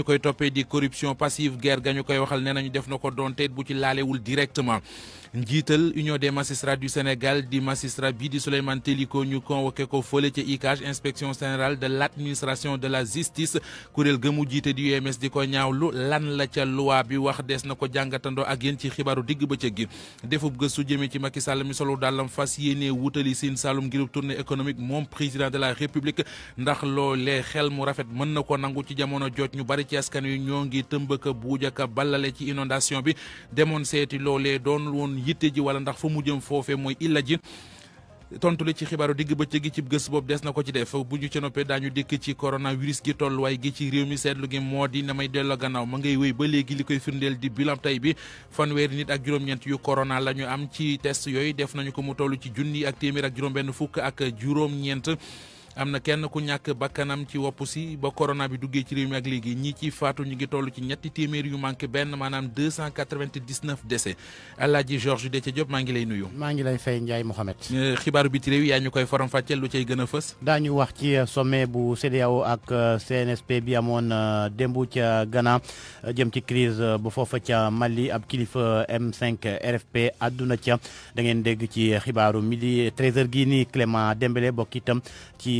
ñu koy toppee di corruption passive guerre gañu koy waxal nénañu nañu def na ko doonte bu ci laalewul directement njiital union des magistrats du Sénégal di magistrat bi di Souleymane Téliko ñu convoqué ko fële ci ICAJ inspection générale de l'administration de la justice Kurel gëmu jité di UMS di ko ñaawlu lan la ca loi bi wax des na ko ak yeen ci xibaaru digg bëccëg gi defub gëstu jëmee ci Macky Sall mi solo dalam fas yene wutali Sine Saloum ngirub tournée économique mon président de la république ndax le xel mu rafet mën nako nangu ci jamono jooj ñu bari ci askan wi ñoo ngi tëmbaka buujaka ballale ci inondation bi demoon seeti loolee doon yitte ji wala ndax fa mu jëm foofee mooy illa ji tontu li ci xibaaru digg bëccëg gi ci gës boobu des na ko ci def bu ñu ci noppee daañu dikk ci coronavirus gi tolluwaay gi ci réew mi seetlu gi moo di may delloo gannaaw ma ngay wéy ba léegi li koy firndeel di bilan tey bi fanweeri nit ak juróom-ñeent yu corona la ñu am ci test yooyu def nañu ko mu toll ci junni ak téeméer ak juróom-benn fukk ak juróom-ñeent. amna kenn ku ñàkk bakkanam ci wopp si ba corona bi duggee ci réew mi ak léegi ñi ci faatu ñu ngi toll ci ñetti téeméer yu manqué benn maanaam 299 décès El Georges Diop maa ngi lay nuyu. maa ngi lay fay njaay Mohamed. Eh, xibaaru biti réew yaa ñu koy faram fàcceel lu cay gën a fës. daañu wax ci eh, sommet bu cdao ak eh, CNSP bi amoon dembu ca Ghana jëm ci crise bu foofa ca Mali ab kilifa M5 RFP àdduna ca da ngeen dégg ci xibaaru midi 13h gii nii Clément Dembélé bokk itam ci.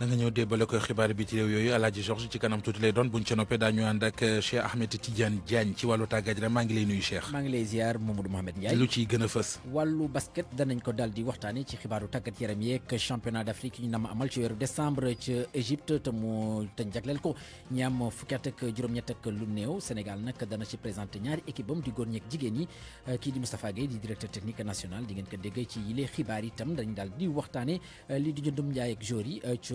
danga ñëw débbale ko xibaar bi ci réew yooyu Alaaji Georges ci kanam tuuti lay doon buñ ca noppee daañu ànd ak Cheikh Ahmed Tidiane Diagne ci wàllu tàggat yaram maa ngi lay nuyu Cheikh. maa ngi lay ziar Mamadou Mohamed Ndiaye. lu ciy gën a fës. wàllu basket danañ ko daal di waxtaanee ci xibaaru tàggat yaram yeeg championnat d' Afrique ñu amal ci weeru décembre ca Égypte te mu te jagleel ko ñi fukki ak juróom-ñett ak lu néew Sénégal nag dana ci présenté ñaari équipe bam di góor ñeeg jigéen di Moustapha Guèye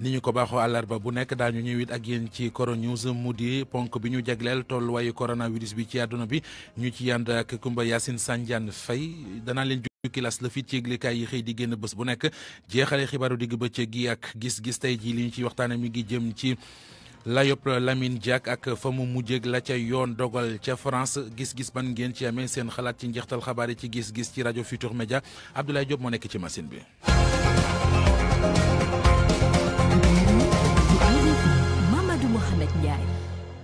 ni ñu ko baaxoo àllarba bu nekk daañu ñëwit ak yéen ci Coro News mu di ponk bi ñu jagleel tolluwaayu coronavirus bi ci àdduna bi ñu ci yànd ak Kumba Yacine Sandiane Faye danaa leen jukki las la fi ci yëglekaay yi xëy di génn bës bu nekk jeexale xibaaru digg bëccëg gi ak gis-gis tey jii li ñu ci waxtaane mi ngi jëm ci la Layop Lamine Diack ak fa mu mujjeg la ca yoon dogal ca France gis-gis ban ngeen ci amee seen xalaat ci njeextal xabaar yi ci gis-gis ci rajo Futur Média Abdoulaye Diop moo nekk ci machine bi.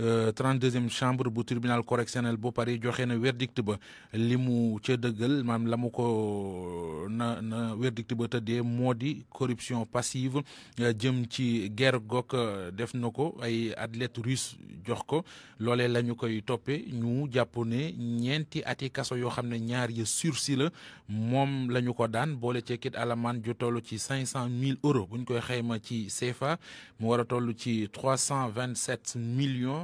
32e euh, chambre bu tribunal correctionnel bu Paris joxé na verdict ba limu ci ca mam lamuko la euh, na na verdict ba tëddee modi corruption passive euh, jëm ci guerre gok def na ay athlète russe jox ko loolee la ñu koy toppee ñu jàpp ne ñeenti ati kaso yoo xam ne ñaar ya sursis la mom la ñu ko daan boole ceekit alamaan ju tollu ci 500000 euros buñ koy xeyma ci CFA mu wara tollu ci 327 millions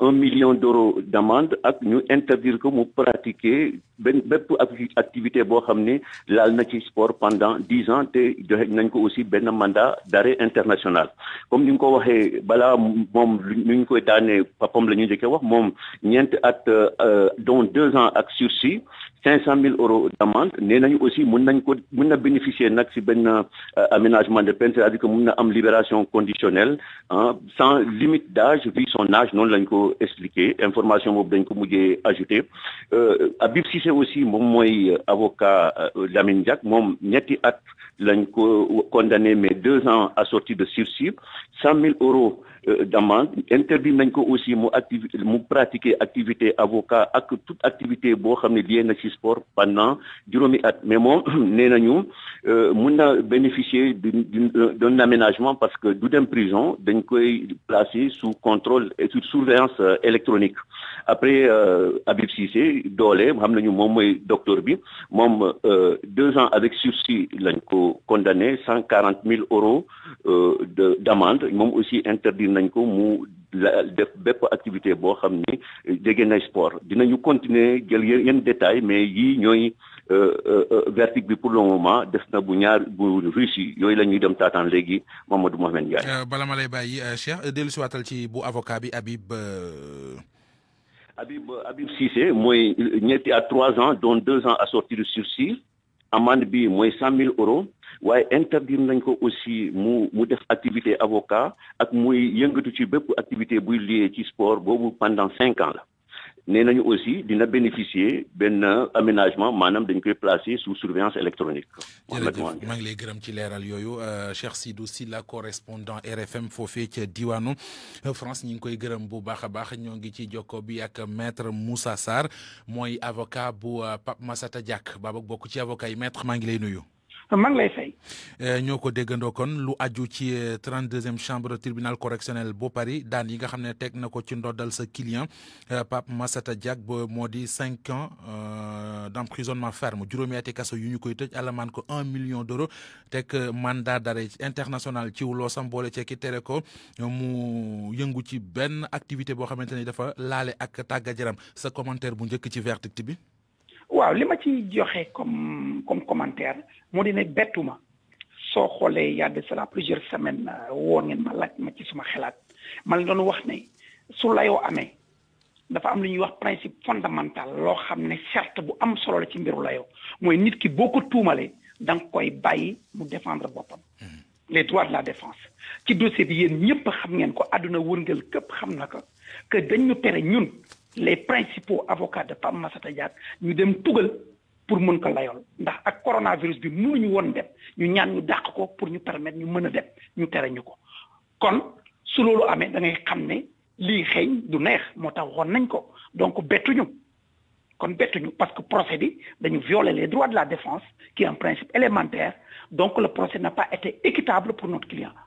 un million d'euros d'amende ak ñu interdire que mu pratiquer ben activité bo xamné lal na sport pendant 10 ans et nous avons ko aussi un mandat d'arrêt international comme nous avons ko waxé bala ñu koy papam wax euh, deux ans ak sursis 500 000 euros d'amende nous avons aussi bénéficié nañ ko na euh, aménagement de peine c'est-à-dire que nous na am libération conditionnelle hein, sans limite d'âge vu son âge non lañ expliquer. Information que vous ko mujjé ajouter. Euh Abib Cissé aussi mon euh, avocat euh, Lamine Diack mom ñetti at condamné mais deux ans assorti de sursis 100 000 euros euh, d'amende, interdit même que aussi mu activité mu pratiquer activité avocat ak toute activité liée xamné ce lié na sport pendant juróomi at mais mom nous euh na bénéficier euh, d'un aménagement parce que du d'un prison dañ koy placer sous contrôle et sous surveillance euh, électronique après à Cissé d'olé, xam nañu mom docteur bi euh, deux ans avec sursis lañ ko condamné 140 000 euros d'amende mom aussi interdit nañ ko mu def bépp activité boo xam ni jege na sport dinañu continuer jël yenn détail mais yii ñooy euh, euh, verdict bi pour le moment des na bu ñaar bu Russie yooyu la ñuy dem taataan léegi Mamadou Mohamed Ndiaye. Euh, bala ma lay bàyyi Cheikh dellusiwaatal ci bu avocat bi Habib. Habib Habib Cissé mooy ñetti à trois ans dont deux ans assorti de sursis amande bi mooy cent mille euros waaye interdire nañ ko aussi mu mu def activité avocat ak muy yëngatu ci bépp activité buy lié ci sport boobu pendant cinq ans la nee nañu aussi dina bénéficier benn aménagement maanaam dañ koy placer sous surveillance électronique. jërëjëf maa ngi lay gërëm ci leeral yooyu euh, Cheikh Sidou Sylla correspondant RFM foofee ca diwaanu euh, France ñu ngi koy gërëm bu baax a baax ñoo ngi ci jokko bi ak maître Moussa Sarr mooy avocat bu euh, Pape Massata Diack baaba bokk ci avocat yi maître maa ngi lay nuyu mang lay fay. Eh, ñoo ko déggandoo kon lu aju ci 32e eh, chambre tribunal correctionnel bu Paris daan yi nga xam tek nako ci ndoddal sa client eh, Pape Massata Diack ba moo di cinq ans euh, d' emprisonnement ferme juróomi ati kaso yu ñukoy koy tëj alamaan ko 1 million d'euros tek mandat d'arrêt international ci wu loo sam boole cee ki tere ko mu yëngu ci ben activité bo xamante dafa lalé ak tàggat yaram sa commentaire bu ñëk ci verdict bi. Oui, je ma ci comme commentaire moo di y cela plusieurs semaines je euh, ma wax ne su layoo amee dafa am principe fondamental ne charte bu am solo ci mbiru nit ki défendre mm-hmm. les droits de la défense ci dossier bi yéen ñëpp xam ngeen ko que dañ ñu les principaux avocats de Pam Massata Diak ñu dem tougal pour mën ko layol ndax ak coronavirus bi ñu won dem ñu ñaan ñu dàq ko pour ñu permettre ñu mën a dem ñu tere ko kon su loolu amee da ngay xam ne lii xeeñ du neex moo tax waxoon nañ ko donc bettuñu kon bettuñu parce que procès bi dañu violer les droits de la défense qui est un principe élémentaire donc le procès n'a pas été équitable pour notre client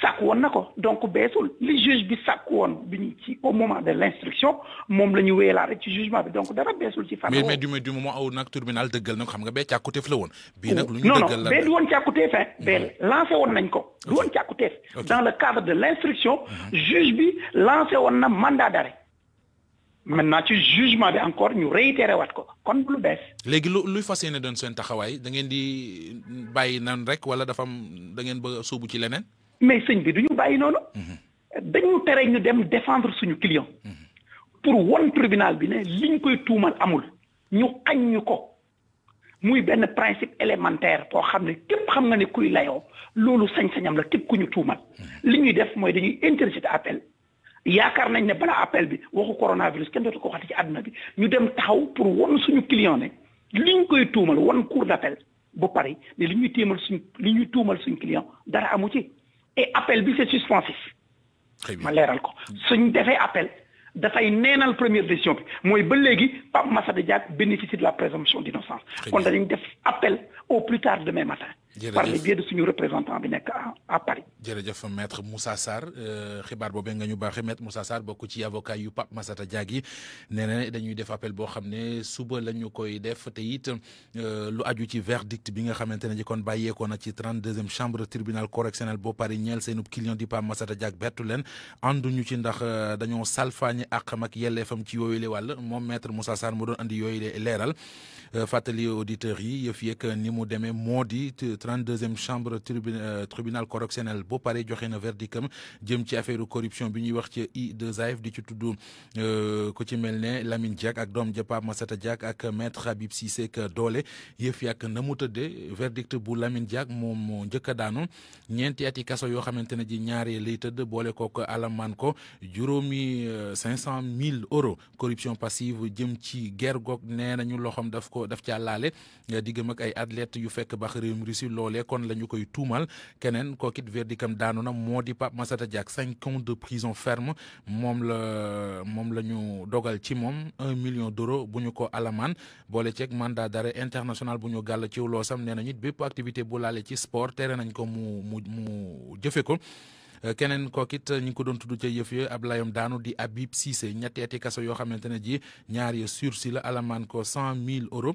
sàkk won na ko donc beesul li juge bi sàkk won bi ñu ci au moment de l' instruction moom la ñu wéyalaa rek ci jugement bi donc dara beesul ci fan mais mais du mais du moment aw nag tribunal dëggal na ko xam nga bee càkkuteef la woon bii nag lu ñu dëggal la non non bee du woon càkkuteef hein mhm. bee lancé woon nañ ko du woon càkkuteef dans le cadre de l' instruction mhm. juge bi lancé woon na mandat d'arrêt arrêt maintenant ci jugement bi encore ñu réitéré wat ko kon lu bees. léegi lu luy fas yéene doon seen taxawaay da ngeen di bàyyi nan rek wala dafa am da ngeen bëgg a sóobu ci leneen mais sëñ bi duñu ñu bàyyi mhm. dañu tere ñu dem défendre suñu client. Mhm. pour won tribunal bi né liñ koy tuumal amul ñu xañ ñu ko muy ben principe élémentaire boo xamné képp xam nga ne kuy layo lolu sañ-sañam la képp ku ñu tuumal mhm. liñuy def moy dañuy interjeté appel yaakar nañ ne balaa appel bi waxu coronavirus kenn dootu ko waxati ci aduna bi ñu dem taxaw pour won suñu client né liñ koy tuumal won cour d'appel bu Paris ne liñuy ñuy téemal suñ liñuy tuumal suñ client dara amu ci et appel bi c'est suspensif. ma ce ko suñ défé appel fay une première décision bi mooy ba pas massa de jak bénéficie de la présomption d'innocence a une def appel au plus tard demain matin par le biais de suñu représentant bi à Paris. jërëjëf maître Moussa Sarr euh, xibar bobé nga ñu baxé maître Moussa Sar bokku ci avocat yu Pape Massata Diagi nee na dañuy def appel bo xamné suba lañu koy def te it euh, lu aju ci verdict bi nga xamante ji kon ko na ci 32e chambre tribunal correctionnel bo Paris ñël seenub client di Pape Massata Diaghi bettu andu ñu ci ndax euh, dañoo salfaañi àqam ak yelleefam ci yooyu wal wàll maître Moussa Sar mu doon andi yooyu léral euh, fàttali auditeur yi yëf yek ni mu demee moo 32e chambre euh, tribunal correctionnel bo paré joxé na verdictum jëm ci affaire corruption bi ñuy wax ci I2AF di ci tudd euh, ko ci melné Lamine diak ak doom ja Pape Massata Diack ak maître Habib Cissé ke dolé yëf yak na mu teudé verdict bu Lamine diak moom mo njëkk daanu ñeenti ati kaso yoo xamante ne ji ñaaree lay bolé ko kook alamaan ko juróomi 500000 euros corruption passive jëm ci guerre goog nee nañu loxoom daf ko ko daf caa laale eh, diggam ak ay athlètes yu fekk baax mu Russie loole kon la ñu koy tuumal keneen kookit verdictam daanu na moo di Pape Massata Diack cinq ans de prison ferme moom la moom la ñu dogal ci moom un million d'euros bu ñu ko alamaan boole ceeg mandat d'arrêt international bu ñu gàll ciw loo sam nee na ñit bépp activité bu laale ci sport tere nañ ko mu mu mu jëfe ko Eh, keneen kookit ñu ngi ko doon tudd ca yëf yooyu ab daanu di Habib Cissé ñetti ati kaso yoo xamante ne ji ñaar ya sursis la alamaan ko cent mille euros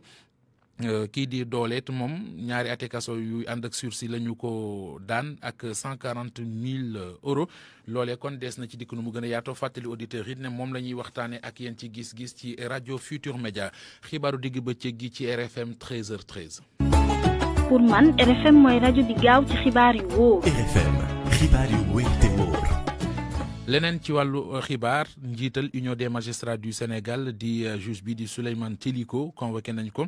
eh, kii di dooleet moom ñaari ati kaso yu ànd ak sursis la ko daan ak cent quarante mille euros loolee kon des na ci dikk nu mu gën a yaatoo fàttali auditeurs yi ne moom la ñuy waxtaanee ak yéen ci gis-gis ci radio Futur Média xibaaru digg bëccëg gi ci RFM 13h13. pour man RFM mooy rajo di gaaw ci xibaar yu wóor. RFM xibaari wéy te wóor ci union des magistrats du Sénégal di euh, juge bi di Souleymane Tiliko, convoqué nañ ko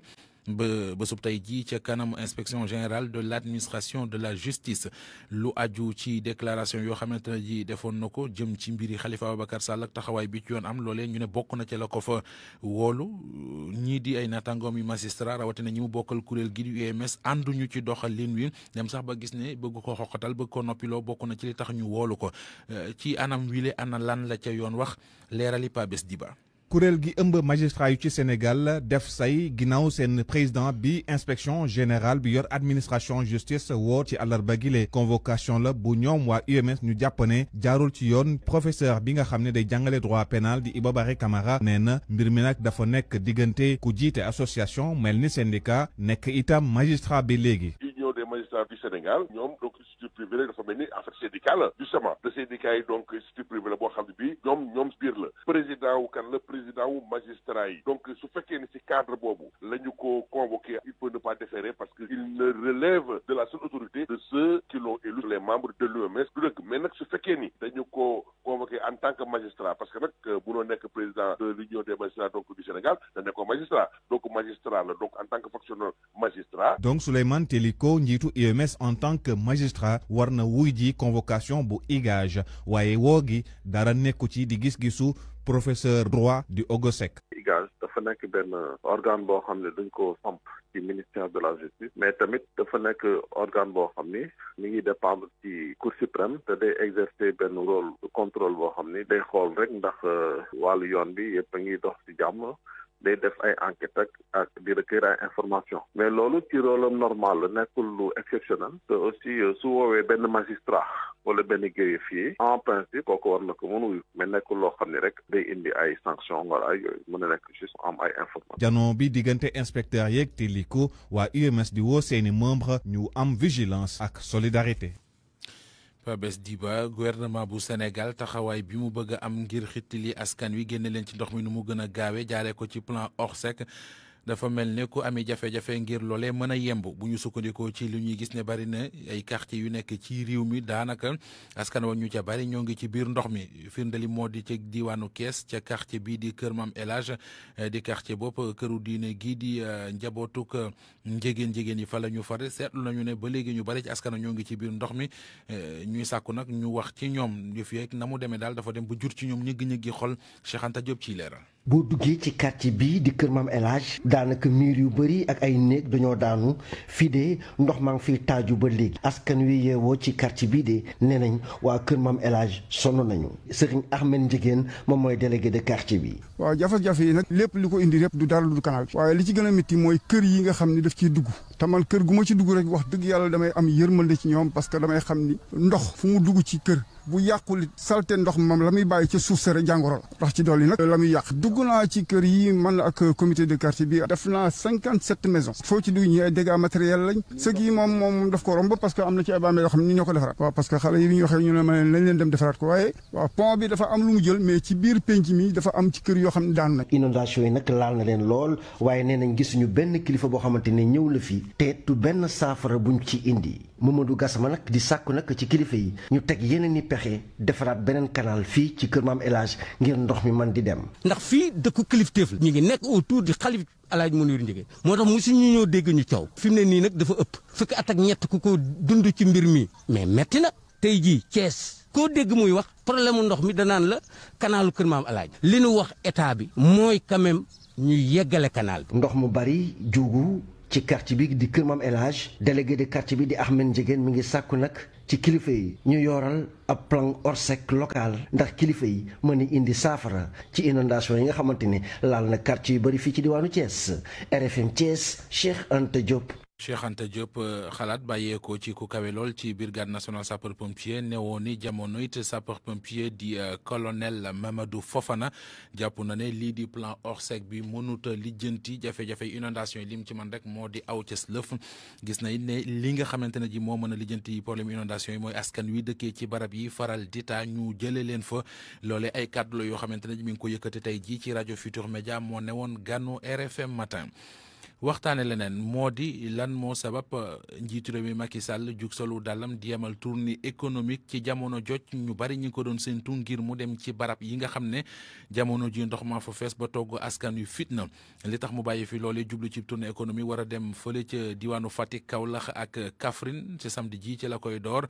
ba bésub tey jii kanam inspection générale de l'administration de la justice lu aju ci déclaration yoo xamante ne ji defoon jëm ci mbiri Khalifa Ababacar bakar ak taxawaay bi ci yoon am loolee ñu ne bokk na ca la ko fa woolu ñii di ay naataangoom yu magistrat rawatina ñi mu bokkal kuréel gi di UMS ànduñu ci doxalin wi dem sax ba gis bëgg ko bëgg ko na ci tax ñu ko ci anam wile ana lan la ca yoon wax leerali Diba kurel gi ëmb magistrat yu ci Sénégal def say Ginao Sen président bi inspection générale bi yor administration justice woo ci àllarba gi le convocation la bu ñom wa UMS ñu jàpp ne jaarul ci yoon professeur bi nga de day droit pénal di Ibabare Camara nee mbir mi nak dafa ku association Melni syndicat itam magistrat bi Union des magistrats du Sénégal ñom donc structure privée la dafa mel ni affaire syndicat justement le syndicat yi donc structure privée la boo xam ne bii ñoom ñoom biir la président wu kan le président wu magistrat donc su fekkee ni ci cadre boobu lañu ko convoqué il peut ne pas déférer parce que il ne relève de la seule autorité de ceux qui l'ont élu les membres de l'UMS du dëgg mais nag su fekkee ni dañu ko convoqué en tant que magistrat parce que nag mënoo euh, nekk président de l'union des magistrats donc du Sénégal da nekk magistrat donc magistrat donc en tant que fonctionnaire magistrat donc Souleymane Teliko njiitu UMS en tant que magistrat Moustapha convocation bu IGAJ waye wogi dara nekku ci di gis-gisu professeur droit du Ogosec IGAJ dafa nek ben organe organes xam ne duñ ko samp ci ministère de la justice mais tamit dafa nek organe bo xam mi ngi dépendre ci cour suprême te day exercer ben rôle contrôle bo xam day xol rek ndax euh, walu yoon bi yépp ngi dox ci day def ay enquête ak ak di recueillir ay information mais loolu ci rôlam normal la nekkul lu exceptionnel te aussi euh, su woowee benn magistrat wala benn greffier en principe kooku war na ko mën wuyu mais nekkul loo xam ne rek day indi ay sanction wala ay yooyu mën a nekk juste am ay information janoo bi diggante inspecteur yeeg te li waa UMS di woo seeni membre ñu am vigilance ak solidarité Babes Diba gouvernement bu senegal taxawaay bi mu bëgg am ngir xittili askan wi génne leen ci ndox mi nu mu gën a gaawe jaaree ko ci plan ORSEC dafa mel ne ku amee jafe-jafe ngir lolé mën a yemb bu ñu ci li ñuy gis né bari na ay quartier yu nekk ci réew mi danaka askan wa ñu ca bari ñongi ci biir ndox mi firndali moo di ca diwaanu Kees ca quartier bi di Kër Maam El eh, di quartier bop këru diine gii di eh, njabotuk eh, njégen njégen yi fa la ñu sétlu nañu né ba légui ñu bari ci askan ñongi ci biir ndox mi ñuy sakku nak ñu wax ci ñom yëf yeeg ak namu démé dal dafa dem bu jur ci ñoom ñëgg-ñëggi xol Cheikh Anta Diop ci leeral boo duggee ci quartier bii di Kër Maam El daanaka miir yu bëri ak ay néeg dañoo daanu fii de ndox maa ngi taaju ba léegi askan wi yeewoo ci quartier bii de nee nañ waa Kër Maam El Hadj sonn nañu Serigne Ahmed Ndiégène moom mooy délégué de quartier bi. waa jafe-jafe yi nag lépp li ko indi lépp du dara du canal waaye li ci gën a métti mooy kër yi nga xam ni daf ciy dugg te man kër gu ma ci dugg rek wax dëgg yàlla damay am yërmande ci ñoom parce que damay xam ni ndox fu mu dugg ci kër bu yàqul salte ndox moom la muy bàyyi ci suuf sere jàngoro la ndax ci dolli nag la muy yàq dugg naa ci kër yi man ak comité de quartier bi def naa cinquante sept maisons foo ci dugg ñi ay dégâts matériels lañ ce moom moom daf ko romb parce que am na ci ay bàmmeel yoo xam ne ñoo ko defaraat waaw parce que xale yi bi ñu waxee ñu ne ma lañ leen dem defaraat ko waaye waaw pont bi dafa am lu mu jël mais ci biir penc mi dafa am ci kër yoo xam ne daan nañ inondation yi nag laal na leen lool waaye nee nañ gisuñu benn kilifa boo xamante ne ñëw la fii te tu benn saafara buñ ci indi du gasama nag di sàkku nak ci kilifa yi ñu teg yeneen ni pexe defaraat beneen canal fii ci kër maam El Hadj ngir ndox mi man di dem. ndax fii dëkku kilifteef la. ñu ngi nekk autour di xalif alaaj Mounirou Ndiéguène moo tax mosu ñu ñëw dégg ñu coow. fi mu ne nii nag dafa ëpp. fukki at ak ñett ku ko dund ci mbir mi. mais metti na. tey jii Thiès. koo dégg muy wax problème ndox mi danaan la kanaalu kër maam El li nu wax état bi. mooy quand même ñu yeggale kanaal ndox mu bari jugu. ci quartier bi di Kër Maam El Hadj délégué de bi di Ahmed Ndiéguène mi ngi sàkku nag ci kilifa yi ñu yoral ab plan orsec local ndax kilifa yi mën a indi saafara ci inondation yi nga xamante ni laal na quartier yu bëri fii ci diwaanu Thiès RFM Thiès Cheikh ante Diop. Cheikh Anta Diop Baye euh, bàyyeekoo ci ku ci brigade nationale sapeur pompier newoon Diamonoite, jamono sapeur pompier di euh, colonel Mamadou Fofana jàpp na ne li di plan sec bi mënut a jafé jafé inondation lim ci man rek moo di aw ca lëf gis na ne li nga problème inondation moy askan wi ci barab yi faral Dita, ñu jëlé len fa lolé ay kàddu yo Radio ji mi ngi ko tay ji ci Radio Futur Media RFM matin. waxtaane leneen moo di lan moo sabab euh, njiitu réew mi Macky Sall jug solu dàllam di yemal tournée économique ci jamono joj ñu bari ñi ko doon séentu ngir mu dem ci barab yi nga xam ne jamono ji ndox ma fa fees ba togg askan yu fitna li tax mu bàyyi fi loolee jublu ci tournée économie war a dem fële ca diwaanu Fatick Kaolack ak Kaffrine ci samedi ji ci la koy door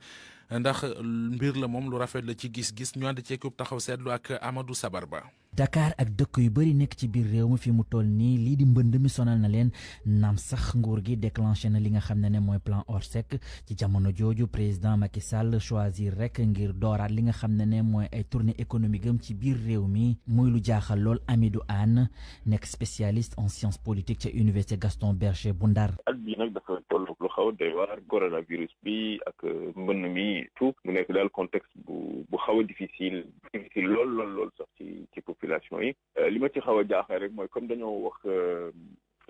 ndax mbir la moom lu rafet la ci gis-gis ñu ànd ceekub taxaw seetlu ak amadu Sabar Ba Dakar ak dëkk yu bari nekk ci biir réew mi fi mu toll nii lii di mbënd mi sonal na leen naam sax nguur gi déclenché na li nga xam ne ne mooy plan sec ci jamono jooju président Macky Sall choisir rek ngir dooraat li nga xam ne ne mooy ay tournée économique am ci biir réew mi muy lu jaaxal lool Amidou Anne nekk spécialiste en sciences politiques ca université Gaston Berger bu Ndar. ak bii nag dafa toll lu xaw a waar coronavirus bi ak euh, mbënd mi tout mu nekk daal contexte bu bu xaw a difficile difficile lool lool lool sax ci ci population yi euh, li ma ci xaw a jaaxal rek mooy comme dañoo wax euh,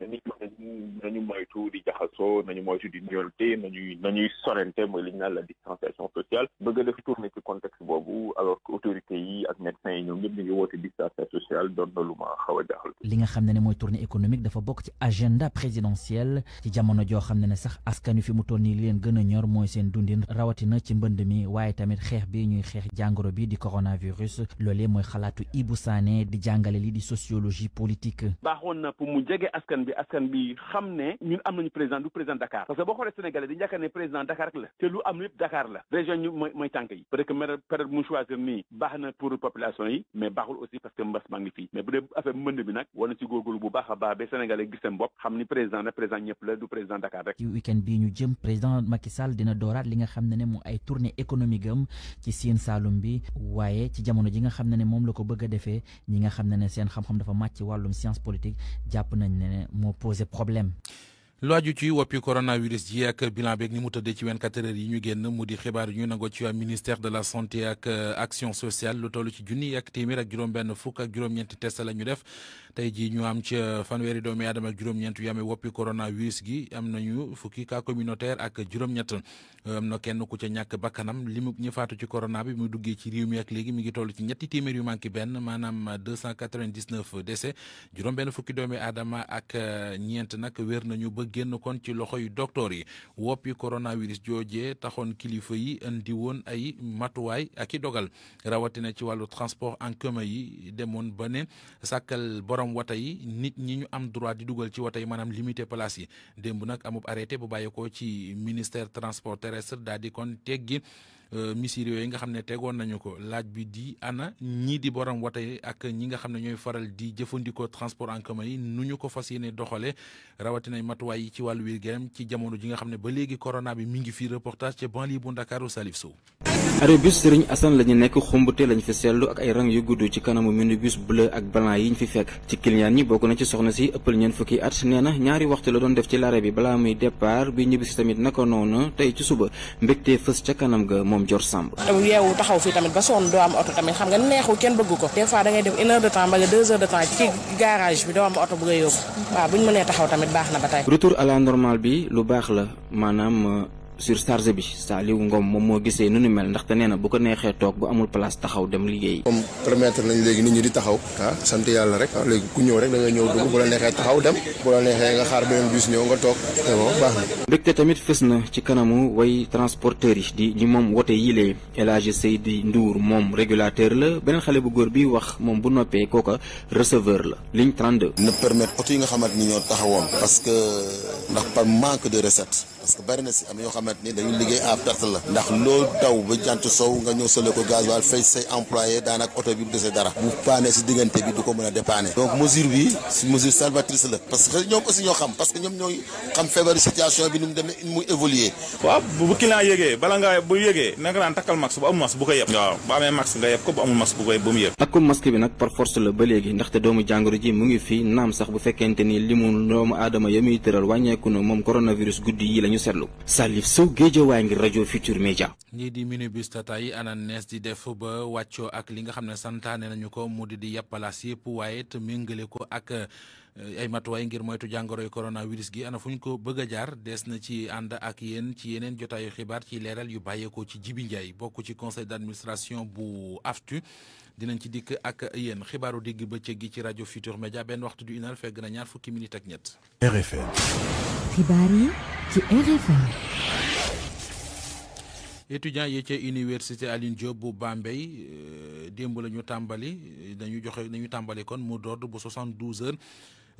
nañu nañu moytu di jaxasoo nañu moytu di nuyonte nañuy nañuy sorente mooy li ñu la distanciation sociale bëgg a def tourner ci contexte boobu alors que autorités yi ak médecins yi ñoom ñëpp ñu ngi woote distanciation sociale doon na lu ma xaw a jaaxal. li nga xam ne ne mooy tournée économique dafa bokk ci agenda présidentiel ci jamono joo xam ne ne sax askan fi mu toll nii li leen gën a ñor mooy seen dundin rawatina ci mbënd mi waaye tamit xeex bi ñuy xeex jàngoro bi di coronavirus loolee mooy xalaatu Ibou Sané di jàngale li di sociologie politique. baaxoon na pour mu jege askan bi askan bi xam ne ñun am nañu président du président Dakar parce que boo xoolee Sénégalais di yaakaar ne président Dakar rek la te lu am lépp Dakar la région ñu mooy mooy tànk yi peut-être que maire période mu choisir nii baax na pour population yi mais baaxul aussi parce que mbas maa ngi fii mais bu dee affaire mbënd bi nag war na ci góorgóorlu bu baax a baax ba Sénégalais gis seen bopp xam ni président la président ñëpp la du président Dakar rek ci week-end bii ñu jëm président Macky Sall dina dooraat li nga xam ne ne mu ay tournée économique am ci Sine Saloum bi waaye ci jamono ji nga xam ne ne moom la ko bëgg a defee ñi nga xam ne ne seen xam-xam dafa màcc ci wàllum science politique jàpp nañ ne me poser problème. Loi du ci wopi coronavirus ji ak bilan bek ni mu tëddee ci 24 heures yi ñu genn mu di xibaar ñu nango ci wa ministère de la santé ak euh, action sociale lu tollu ci junni ak témir ak juroom benn fukk ak juroom ñent test la ñu def tay ji ñu am ci euh, fanweeri doomi adam ak juroom ñent yame wopi coronavirus gi am nañu fukki ka communautaire ak juroom ñett euh, am na kenn ku ca ñak bakanam limu ñu faatu ci corona bi mu duggé ci réew mi ak légui mi ngi tollu ci ñetti témir yu manki ben manam 299 décès juroom benn fukki doomi adam ak ñent nak wér nañu génn kon ci loxo yu docteur yi woppi coronavirus joojee taxoon kilifa yi indi woon ay matuwaay ak i dogal rawatina ci wàllu transport en commun yi demoon ba ne sàkkal borom wata yi nit ñi ñu am droit di dugal ci wata yi maanaam limité place yi démb nag amub arrêté bu bàyyeekoo ci ministère transport terrestre daal kon teggi Euh, misir yi nga xam ne tegoon nañu ko laaj bi di ana ñii di borom wata yi ak ñi nga xam ne ñooy faral di jëfandikoo transport en commun yi nu ñu ko fas yéene doxalee rawatina matuwaay yi ci wàll wér gu ci jamono ji nga xam ne ba léegi corona bi mi ngi fii reportage ca banlieue bu Ndakaaru Salif Sow arrêt-bus Serigne Assane la ñu nekk xumbute lañu fi seetlu ak ay rang yu gudd ci kanamu minibus bleu ak blanc yi fi fekk ci client ñi bokk na ci soxna si ëppal ñeent fukki at nee ñaari waxtu la doon def ci l'arrêt bi balaa muy départ bi ñibbisi tamit naka noonu tey ci suba mbégtee fës ca kanam ga moom Dior Samb yeewu taxaw fii tamit ba sonn doo am oto tamit xam nga neexul kenn bëgg ko des fois def une heure de temps mbala deux heures de temps ci sur surcharge bi Saliou ngoom moom moo gisee nu nu mel ndaxte nee na bu ko neexee toog bu amul place taxaw dem liggéey. comme permettre nañ léegi nit ñi di taxaw ah sant yàlla rek ah léegi ku ñëw rek da nga ñëw dugg bu la neexee taxaw dem bu neexee nga xaar beneen bus ñëw nga toog te moom baax na. mbégte tamit fës na ci kanamu way transporteurs yi di ñi moom wote yile El Hadj Seydi Ndour moom régulateur la beneen xale bu góor bi wax moom bu noppee kooka receveur la ligne 32. na permettre oto yi nga xamante ni ñoo taxawoon. parce que ndax par manque de recette. parce que bari si am yoo xamante ni dañu liggéey à perte la ndax loo daw ba jant sow nga ñëw sële ko gasoil fay say employé daanaka oto bi du dese dara bu paanee si diggante bi du ko mën a dépanner donc mu évoluer waaw bu client yëgee bala nga bu yëgee nanga naan takkal max bu amul max bu ko yëpp waaw bu amee max nga yëpp ko bu amul max bu ko yëpp ba mu yëpp takkum masque bi nag par force la ba léegi ndaxte doomu jàngoro ji mu ngi fi naam ñu seetlu Salif Sow Géejawaay ngir rajo Futur Media. ñii di minibus tata yi di def ba wàccoo ak li nga xam ne santaane nañu ko mu di di yàppalaas yëpp waaye it méngale ko ak. Eh, ay matuwaay ngir moytu jàngoroy coronavirus gi ana fuñ ko bëgg a jaar dees na ci ànd ak yéen ci yeneen jotaayu xibaar ci leeral yu bàyyeekoo ci Jibi Ndiaye bokk ci conseil d'administration bu AFTU dinañ ci dikk ak yéen xibaaru digg bëccëg gi ci rajo Futur Média benn waxtu du une fegg na ñaar fukki minute ak ñett. RFM. xibaar yi ci RFM. étudiants yi ca université Alioune diob bu Bambey eh, démb lañu ñu tàmbali dañu joxe dañu tàmbali kon mu doord bu 72 heures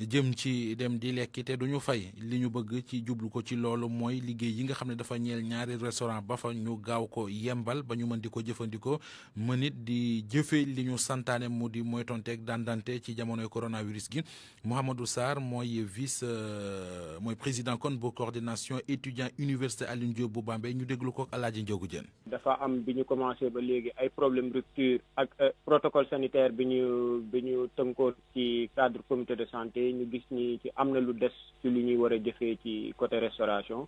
jëm ci dem di lekki te duñu fay li ñu bëgg ci jublu ko ci loolu mooy liggéey yi nga xam ne dafa ñeel ñaari restaurant ba fa ñu gaaw ko yembal ba ñu mën di ko jëfandikoo mën it di jëfe li ñu santaane mu di moytonteeg dandante ci jamonoy coronavirus gi Mouhamadou Sarr mooy vice euh, mooy président kon bu coordination étudiant université Alioune Diop bu Bambey ñu déglu ko Alaaji Njogu Jën dafa am bi ñu commencé ba léegi ay problème rupture ak euh, protocole sanitaire bi ñu bi ñu tënkoon ci cadre comité de santé yi ñu gis ni ci am na lu des ci lu ñuy war a jëfee ci côté restauration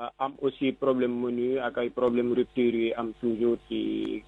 euh, am aussi problème menu ak ay problème rupture yi am toujours ci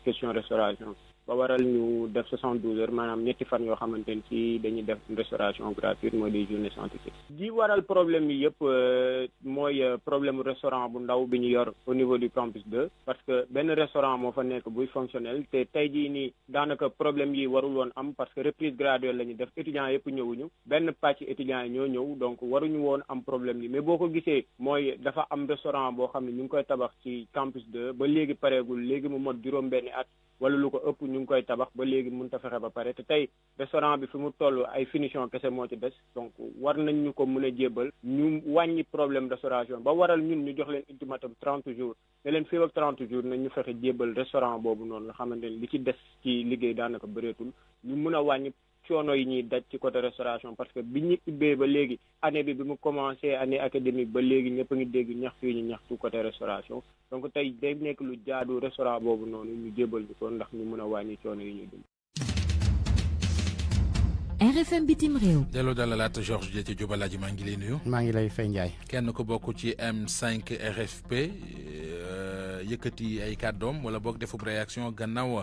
question restauration ba waral ñu def 72 heures maanaam ñetti fan yoo xamante ni si dañuy def restauration gratuite mooy des journées scientifiques di waral problème yi yëpp euh, mooy euh, problème restaurant bu ndaw bi ñu yor au niveau du campus 2 parce que benn restaurant moo fa nekk buy fonctionnel te tey jii nii daanaka problème yi warul woon am parce que reprise graduelle la ñu def étudiants yëpp ñëwuñu benn pàcc étudiants yi ñoo ñëw donc waruñu woon am problème yi mais boo ko gisee mooy dafa am restaurant boo xam ne ñu ngi koy tabax ci campus 2 ba léegi pareegul léegi mu mot juróom benni at wala lu ko ëpp ñu ngi koy tabax ba léegi mënut a fexe ba pare te tey restaurant bi fi mu toll ay finition kese moo ci des donc war nañ ñu ko mun a jébbal ñu wàññi problème restauration ba waral ñun ñu jox leen ultimatum 30 jours ne leen fii ak 30 jours nañ ñu fexe jébbal restaurant boobu noonu la xamante ne li ci des ci liggéey daanaka bëreetul ñu mën a wàññi coono yi ñuy daj ci côté restauration parce que bi ñu ubbee ba léegi année bi bi mu commencé année académique ba léegi ñëpp a ngi dégg ñax fii ñu ñax ci côté restauration donc tey day nekk lu jaadu restaurant boobu noonu ñu jébal ñu ko ndax ñu mën a wàññi coono yi ñuy dund. RFM bitim réew. delloo dalalaat Georges Diété Diop Alaaji maa ngi lay nuyu. maa ngi lay fay Ndiaye. kenn ku bokk ci M5 RFP. yëkkati ay kàddoom wala boog defub réaction gannaaw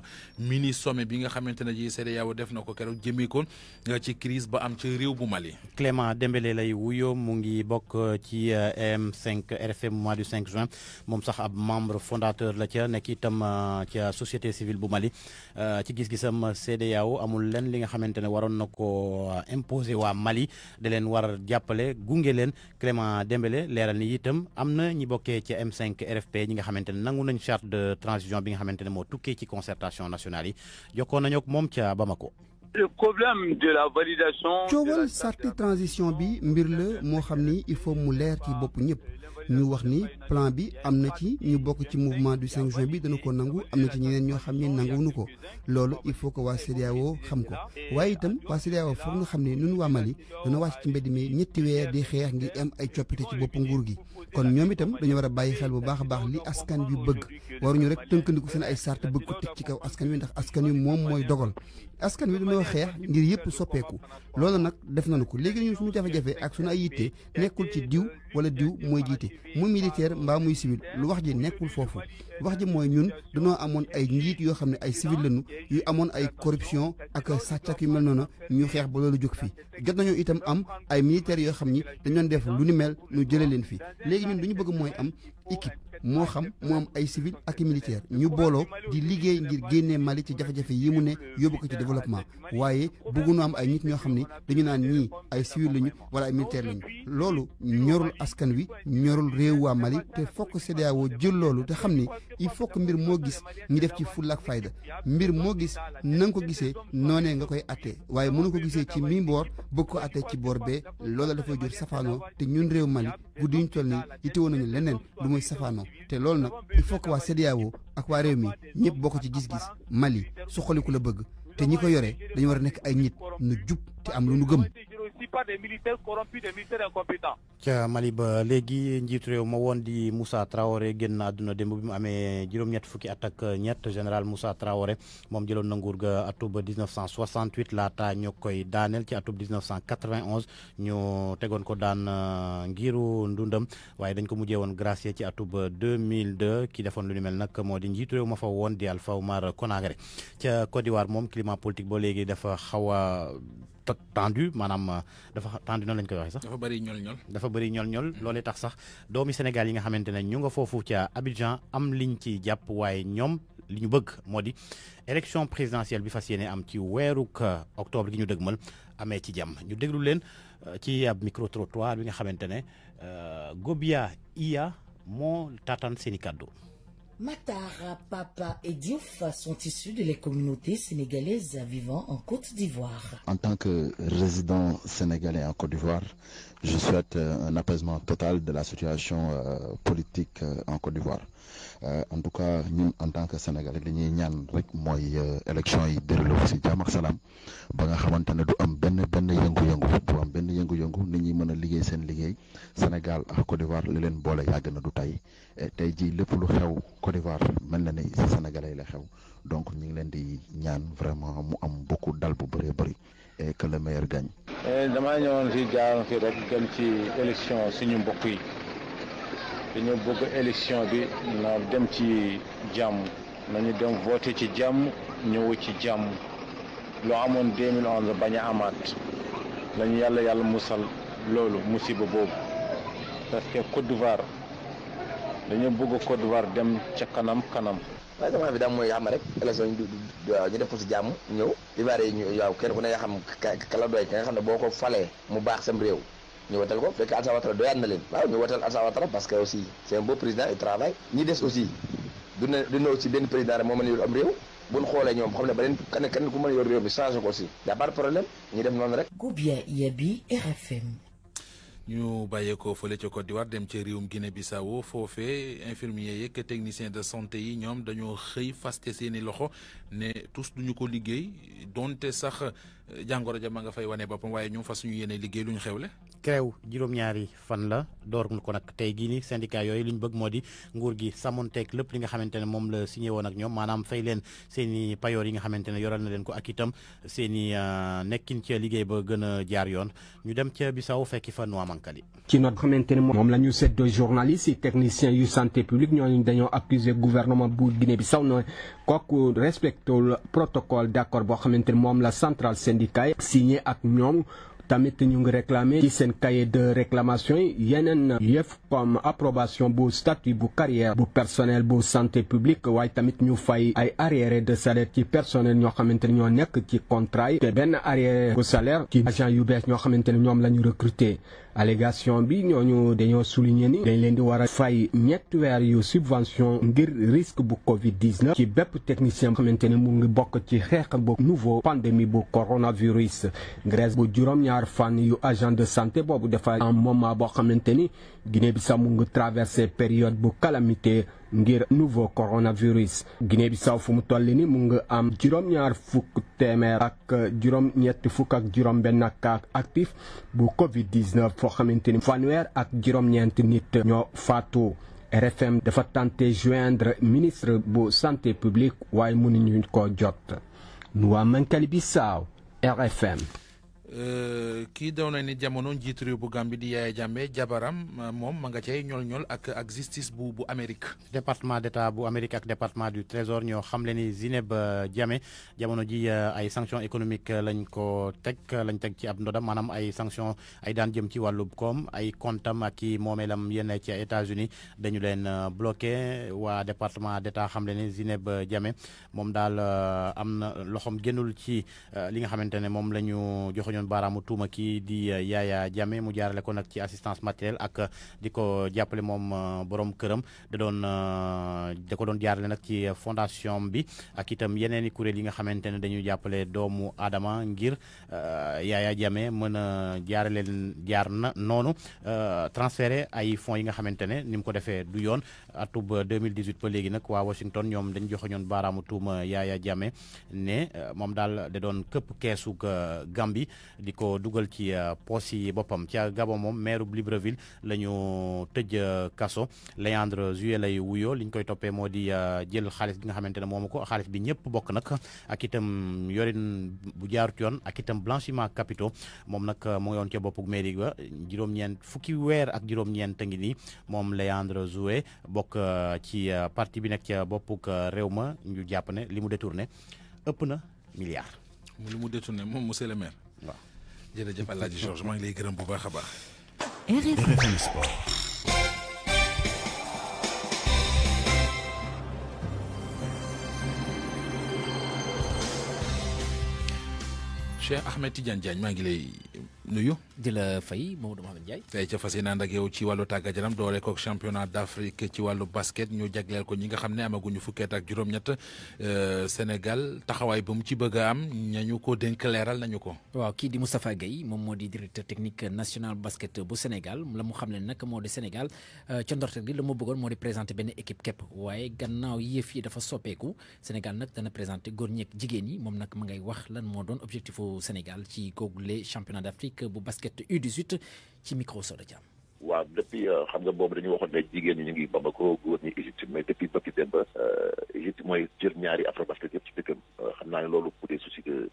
mini sommet bi nga xamante ne ji e def na ko keroog jëmee ko ci crise ba am ci réew bu Mali. Clément Dembélé lay wuyoo mu ngi bokk ci M5 RFM mois du 5 juin moom sax ab membre fondateur la euh, euh, e li nga xamante ne waroon na ko euh, imposer waa Mali da war a jàppale gunge leen Clément Dembélé leeral ni itam am na ñi bokkee ca m RFP ñi nga xamante ne nangu nañ charte de transition bi nga xamante ne moo ci concertation nationale yi jokkoon nañu ak moom ca Bamako. le problème de la validation. la charte transition bi mbir la moo il faut mu leer ci bopp ñëpp. ñu wax ni plan bi am na ci ñu bokk ci mouvement du 5 juin bi dana ko nangu am na ci ñeneen ñoo xam ne nanguwuñu ko loolu il faut que waa CEDEAO xam ko waaye itam waa CEDEAO foog ñu xam ne ñun waa Mali dana wàcc ci mbedd mi ñetti weer di xeex ngir am ay coppite ci boppu nguur gi kon ñoom itam dañu war a bàyyi xel bu baax a baax li askan wi bëgg waruñu rek tënkandiku seen ay sart bëgg ko teg ci kaw askan wi ndax askan wi moom mooy dogal askan wi dañoo xeex ngir yëpp soppeeku loolu nag def nañu ko léegi ñu suñu jafe-jafe ak suñu ay yitte nekkul ci wala militaire mbaa muy civil lu wax ji nekkul foofu wax ji mooy ñun dañoo civil lañu yu amoon ay corruption ak yu mel noonu ñu xeex ba jot nañu itam am ay militaire def mel ñu moo xam mu am ay civil ak i militaire ñu booloo di liggéey ngir génnee Mali ci jafe-jafe yi mu ne yóbbu ko ci développement waaye bëgguñu am ay nit ñoo xam ne dañu naan ñii ay civil lañu wala ay militaire lañu. loolu ñorul askan wi ñorul réew waa Mali te fokk CEDEAO jël loolu te xam ne il faut que mbir moo gis ñu def ci fulla ak fayda mbir moo gis na ko gisee noonee nga koy attee waaye mënu ko gisee ci mi boor bëgg ko attee ci boor bee loola dafay jur safaanoo te ñun réew Mali guddi ñu toll nii yittewoo nañu leneen lu muy safaanoo te loolu nag il faut que waa CEDEAO ak waa réew mi ñëpp bokk ci gis-gis Mali suqaliku la bëgg te ñi ko yore dañu war a nekk ay nit nu jub te am lu ñu gëm. aussi par des militaires corrompus, des militaires incompétents. ca Malick Ba léegi njiitu réew ma woon di Moussa Traoré génn aduna démb bi mu amee juróom-ñett fukki attaque ak ñett général Moussa Traoré mom jëloon na nguur ga atub 1968 la ta ñokoy daaneel ci atoub 1991 ñu tégon ko dan euh, ngiru ndundam waye dañ ko mujjee woon gracier ci atoub 2002 ki defoon lu ñu mel nak moo di njiitu réew ma fa won di Alpha Omar Konaré ci Côte d'Ivoire mom climat politique bo léegi dafa xaw a tendu manam euh, dafa tendu noonu lañ koy waxe sax. dafa bari ñol-ñol. dafa bari ñol-ñol lolé tax sax doomi Sénégal yi nga xamante ñu nga fofu ci Abidjan am liñ ci japp way ñom li ñu bëgg moo di élection présidentielle bi fas yéene am ci weeruk octobre gi ñu dëgmal amee ci jàmm ñu déglu leen euh, ci ab micro trottoir bi nga xamante ne euh, Gobia Iya moo taataan seen i kàddu. Matara, Papa et Diouf sont issus de les communautés sénégalaises vivant en Côte d'Ivoire. En tant que résident sénégalais en Côte d'Ivoire, je souhaite euh, un apaisement total de la situation euh, politique euh, en Côte d'Ivoire. Euh, en tout cas ñun en tant que sénégalais dañuy ñaan rek mooy euh, élection yi déroulé si jàmm ak salaam ba nga xamante ne du am benn benn yëngu-yëngu du am benn yëngu-yëngu nit ñi mën a liggéey seen liggéey Sénégal ak Côte d'Ivoire li leen boole yàgg na du tay tey jii lépp lu xew Côte d'Ivoire mel na ni si sénégalais la xew donc ñu ngi leen di ñaan vraiment mu am beaucoup dal bu bëree bëri et que le meilleur gagne. Eh, damaa si jaar rek dem ci élection suñu mbokk yi. dañoo bëgg élection bi na dem ci jàmm nañu dem voté ci jàmm ñëw ci jàmm loo amoon 2011 bañ a amaat lañu yàlla yàlla musal loolu musiba boobu parce que Côte d'Ivoire dañoo bëgg Côte d'Ivoire dem ca kanam kanam. waaye jamono bi daal mooy xam rek élection yi ñu def ko si jàmm ñëw Ivoire yi ñu waaw kenn ku ne nga xam ka la doy nga xam ne boo ko falee mu baax sam réew. ñu wotal ko fekk Alassane Ouattara doyaat na leen waaw ñu wotal Alassane Ouattara parce que aussi c' est un beau président il travaille ñi des aussi du ne aussi benn président rek moo mën a yor am réew bu ñu xoolee ñoom xam ne beneen kenn kenn ku mën a yor réew mi changé ko aussi y' a ñu bàyyeekoo fële ca Côte d'Ivoire dem ca réewum Guinée Bissau foofee infirmier yeeg technicien de santé yi ñoom dañoo xëy faste seeni loxo ne tous duñu ko liggéey donte sax jàngoro ja ma nga fay wane boppam waaye ñoom fas ñu yéene liggéey lu ñu xewle. grève juróom-ñaari fan la door ko nag tey ni syndicat yoy liñ bëgg modi nguur gi sàmmonteeg lepp li nga xamantene mom la signé won ak ñom manam fay leen seen payor yi nga xamantene yoral na leen ko ak itam seen i euh, nekkin ca liggéey ba gëna jaar yoon ñu dem ci Bisaw fekki fa Noamankali ci notre xamante mom la ñu journalistes et techniciens yu santé publique ñooñu dañoo accuser gouvernement bu Guinée Bisaw na kooku ko protocole le protocole d'accord bo xamantene mom la centrale syndicat signé ak ñom tamit ñu ngi réclamé ci seen cahier de réclamation en yeneen yëf comme approbation bu statut bu carrière bu personnel bu santé publique waaye tamit ñu fay ay arriéré de salaire ci personnel ñoo xamanteni ni ñoo nekk ci contrat yi ben benn arriéré bu salaire ci agent yu bees ñoo xamanteni ñom lañu la recruter allégation bi ñooñu dañoo souligner ni dañ leen di wara fay ñetti wër yu subvention ngir risque bu Covid 19 ci bép technicien xamanteni mu ngi bok ci xeex bu nouveau pandémie bu coronavirus Grèce bu juroom ñaar fan yu agent de santé bobu dafa en moment bo xamanteni Guinée-Bissau mu ngi traversé période bu calamité ngir nouveau coronavirus Guinée-Bissau fu mu toll ni mu ngi am juróom-ñaar fukk téeméer ak juróom ñetti fukk ak juróom benn cas actif bu Covid foo xamante ni fanweer ak juróom-ñeent nit ñoo faatu. RFM dafa tenté joindre ministre bu santé publique waaye mënuñu ko jot Nua Mankali Bissau RFM. Euh, ki donne nañ ne jamono njiit réew bu Gambie di Yaya Jammeh jabaram euh, moom ma nga cay ñol ñol ak ak justice bu bu Amérique. département d'état bu Amérique ak département du trésor ñoo xamle ni Zineb euh, Jammeh jamono ji ay sanctions économiques lañ ko teg lañ teg ci ab ndodam maanaam ay sanctions ay daan jëm ci wàllub koom ay comptam ak i moomeelam yenn ci États-Unis dañu leen bloqué waa département d'état xamle ni Zineb Jammeh moom daal am na loxoom génnul ci li nga xamante ne moom la ñu joñoon baaraamu tuuma kii di eh, Yaya Jammeh mu jaarale kon nag ci assistance matérielle ak eh, di ko jàppale moom eh, borom këram da doon da ko doon jaarale nag ci fondation bi ak itam yeneen i kuréel yi nga xamante ne dañu jàppale doomu aadama ngir Yaya Jammeh mën a jaarale jaar na noonu transféré ay fonds yi nga xamante ne ni mu ko defee du yoon atub 2018 ba léegi nag waa Washington ñoom dañ joxe ñoon baaraamu tuuma Yaya Jammeh ne moom daal da doon këpp keesu Gambie di ko dugal ci euh, poos yi boppam ca Gabon moom maire bu Libreville la ñu euh, tëj euh, kaso Léandre Zué lay wuyoo li ñu koy toppee moo di jël xaalis bi nga xamante ne moom ko xaalis bi ñëpp bokk nag ak itam yorin bu jaarut yoon ak itam blanchiment capitaux moom nag mu ngi woon ca boppu mairie ba juróom-ñeent fukki weer ak juróom-ñeent ngi nii moom Léandre Zué bokk ci parti bi nekk ca boppuk réew ma ñu jàpp ne li mu détourné ëpp na milliard. li mu détourné moom monsieur le maire. waaw jërëjëf El Hadj Georges maa ngi lay gërëm bu baax a baax. Sport. Cheikh Ahmed Tidiane Diagne maa ngi lay. nuyu di la fay Maodo Mouhamed Ndiaye tey ca fas yéene ànd ak yow ci wàllu tàggat yaram doole kook championnat d'Afrique ci wàllu basket ñu jagleel ko ñi nga xam ne amaguñu fukkeet ak juróom-ñett euh, Sénégal taxawaay ba mu ci bëgg a am ñañu ko dénk leeral nañu ko waaw kii di Moustapha Guèye moom moo directeur technique national basket bu Senegal la mu xam ne nag moo di Sénégal euh, ca ndorteel gi la mu bëggoon moo di présenté benn équipe képp waaye gannaaw yëf yi dafa soppeeku Sénégal nag dana présenté góor ñeeg jigéen ñi moom nag ma ngay wax lan moo doon objectifu Sénégal ci googule championnat d'Afrique olympique bu basket U18 ci micro Soda Thiam waaw depuis euh, xam nga bobu dañu waxone ne ñi ñu ngi Bamako goor ni Égypte mais depuis bëkki démb euh, Égypte moy jël ñaari afrobasket yëpp ci dëkkam euh, xam naa ne loolu pour des soucis de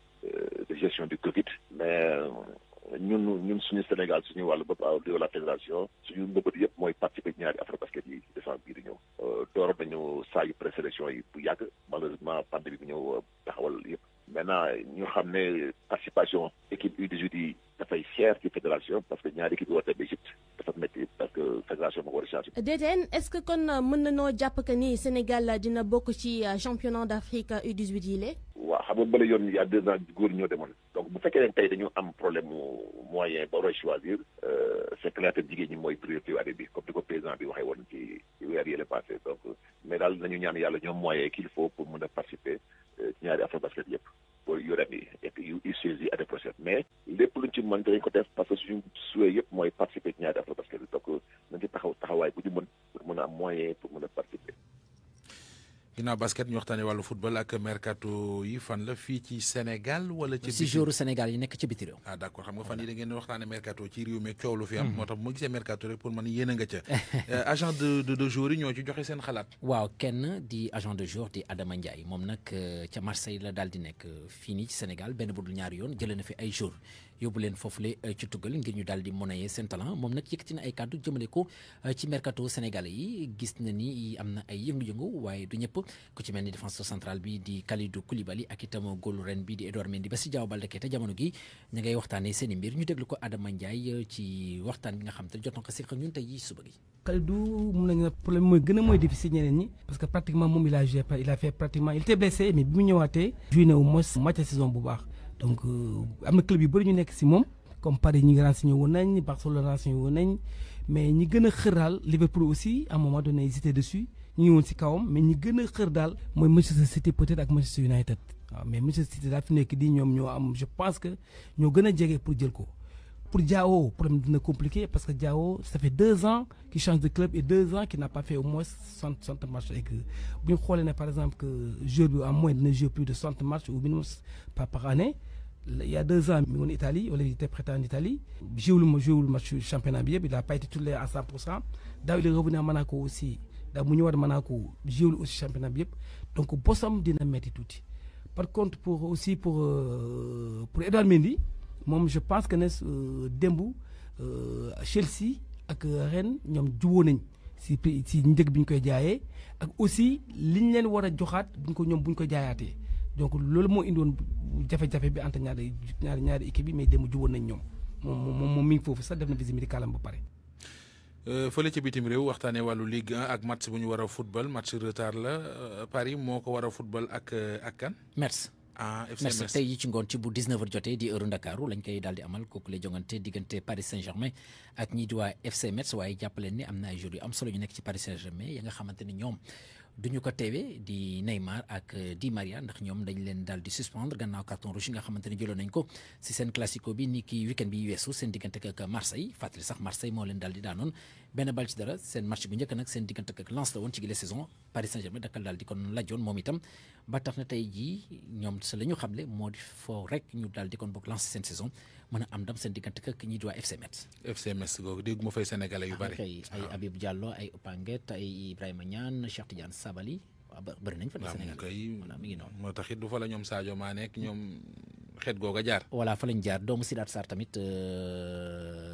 de gestion du Covid mais ñun ñun suñu Sénégal suñu wàllu bopp au niveau la fédération suñu mbëbët yépp mooy participer ñaari basket yi décembre bii di ñëw door nañu saa yu présélection yi bu yàgg malheureusement pandémie bi ñëw taxawal yëpp maintenant ñu xam ne participation équipe U18 yi dafay de ci fédération parce que parce que est ce que kon euh, que ni Sénégal euh, dina bokk ci euh, championnat d'Afrique U18 yi xam y a deux ans donc bu problème moyen ba choisir. C'est clair que ñi priorité comme président bi passé mais ñaan moyen qu'il faut pour participer ci ñaari ko yoremi et yu issues yi année prochaine mais ci mën ko def parce que suñu souhait yëpp mooy participer ci ñaari Afrobasket donc taxaw taxawaay bu ñu a am moyen a participer ginnaaw basket ñu waxtaanee wàllu football ak mercato yi fan la fii ci Sénégal wala. ci si jouru Sénégal yi nekk ci biti réew. ah d' accord xam nga fan yi da ngeen di waxtaanee mercato ci réew mi coow lu fi am. Hmm. moo tax bu ma gisee mercato rek pour man yéen a nga ca. Euh, agent de de de jour yi ñoo ci joxe seen xalaat. waaw kenn di agent de jour di Adama Ndiaye moom nag euh, ca Marseille la daal di nekk euh, fii nii ci Sénégal benn budul ñaari yoon jëlee na fi ay jour yobulen leen euh, ci tugal ngir ñu daal di monnayer seen talent mom nak yëkkati na ay cadeau jëmele ko euh, ci mercato sénégalais yi gis na ni amna ay yëngu-yëngu waye du ñëpp ku ci melni ni défense centrale bi di Kalidou Koulibaly ak itam góolu ren bi di Edouard Mendy ba si jaaw Baldé Keita jamono gi ñu ngay waxtaanee seen mbir ñu déglu ko Adama Ndiaye euh, ci waxtaan bi nga xam te jot na ko ñun tay yi suba gi Kalidou mun nañu problème moy gëna moy mooy ah. difficile ñeneen ñi parce que pratiquement mom il a joué pas il a fait pratiquement il était blessé mais bi mu ñëwaatee joué na au moins moitié saison bu baax donc euh, am le club yu bari ñu nekk ci moom comme Paris ñi ngi renseigné woon nañ Barcelone renseigné woon nañ mais ñi gën a xër Liverpool aussi à un moment donné hésité dessus ñu ngi woon si kawam mais ñi gën a xër daal mooy Manchester City peut-être ak Manchester United mais Monsieur City daal fi nekk di ñoom ñoo am je pense que ñoo gën a pour jël ko pour Diao problème dina compliqué parce que Diao ça fait deux ans qu'il change de club et deux ans qu'il n'a pas fait au moins 60 matchs et que bu ñu xoolee ne par exemple que joueur bi en moins dina jouer plus de 60 matchs ou minimum par année il y a deux ans, en Italie, on était prêté en Italie. J'ai eu le match championnat bien, mais il n'a pas été titulaire à 100%. D'ailleurs, il est revenu à Monaco aussi. Dans de Monaco, j'ai eu aussi championnat bien. Donc, pour ça, je vais tout. Par contre, pour, aussi pour, euh, pour Edouard Mendy, moi, je pense que euh, Dembou, euh, Chelsea et Rennes, ils ont joué. Si, si nous avons aussi, l'ingénieur wara être buñ ko ñom buñ ko jaayaatee donc loolu moo indiwoon jafe-jafe bi entre ñaari ñaari ñaari bi yi mais démb juboon nañ ñoom moom moom moom foofu sax def na visite médicale am ba pare. Euh, fële ca bitim réew waxtaanee wàllu Ligue ak match bu ñu war a football match retard la euh, Paris moo ko war a football ak euh, ak kan. Metz. ah tey yi ci ngoon ci bu 19h jotee di heure Ndakaaru lañ koy daal di amal kooku lay jongante diggante Paris Saint-Germain ak ñii di waa FC Metz waaye jàppaleen ni am na ay joueurs am solo ñu nekk ci Paris Saint-Germain ya xamante ni ñoom. duñu ko téwé di Neymar ak euh, Di Maria ndax ñom dañ leen dal di suspendre gannaaw carton rouge nga xamanteni ne nañ ko ci sen classico bi ni ki weekend bi weesu sen diggante ak Marseille fàttali sax Marseille mo leen dal di daanon ben bal ci dara sen match bu ñëk nak sen diggante ak Lens la won ci saison Paris Saint-Germain dakkal dal di kon joon mom itam ba tax na tay ji ñom sa la xamlé modi fo di rek ñu dal di kon bok lancer sen saison mën a am dam seen diggante ak ñi di waa FC Metz. FC Metz googu dégguma fay sénégalais yu ah, ay ah. Habib ay Opanguet ay Ibrahima Niane Cheikh Tidiane Sabali bëri nañ fa. Sénégal voilà mi ngi moo tax it du fa la ñoom Sadio Mané ak ñoom xeet a jaar. voilà fa lañ jaar doomu Sidaat Sarr tamit. Euh,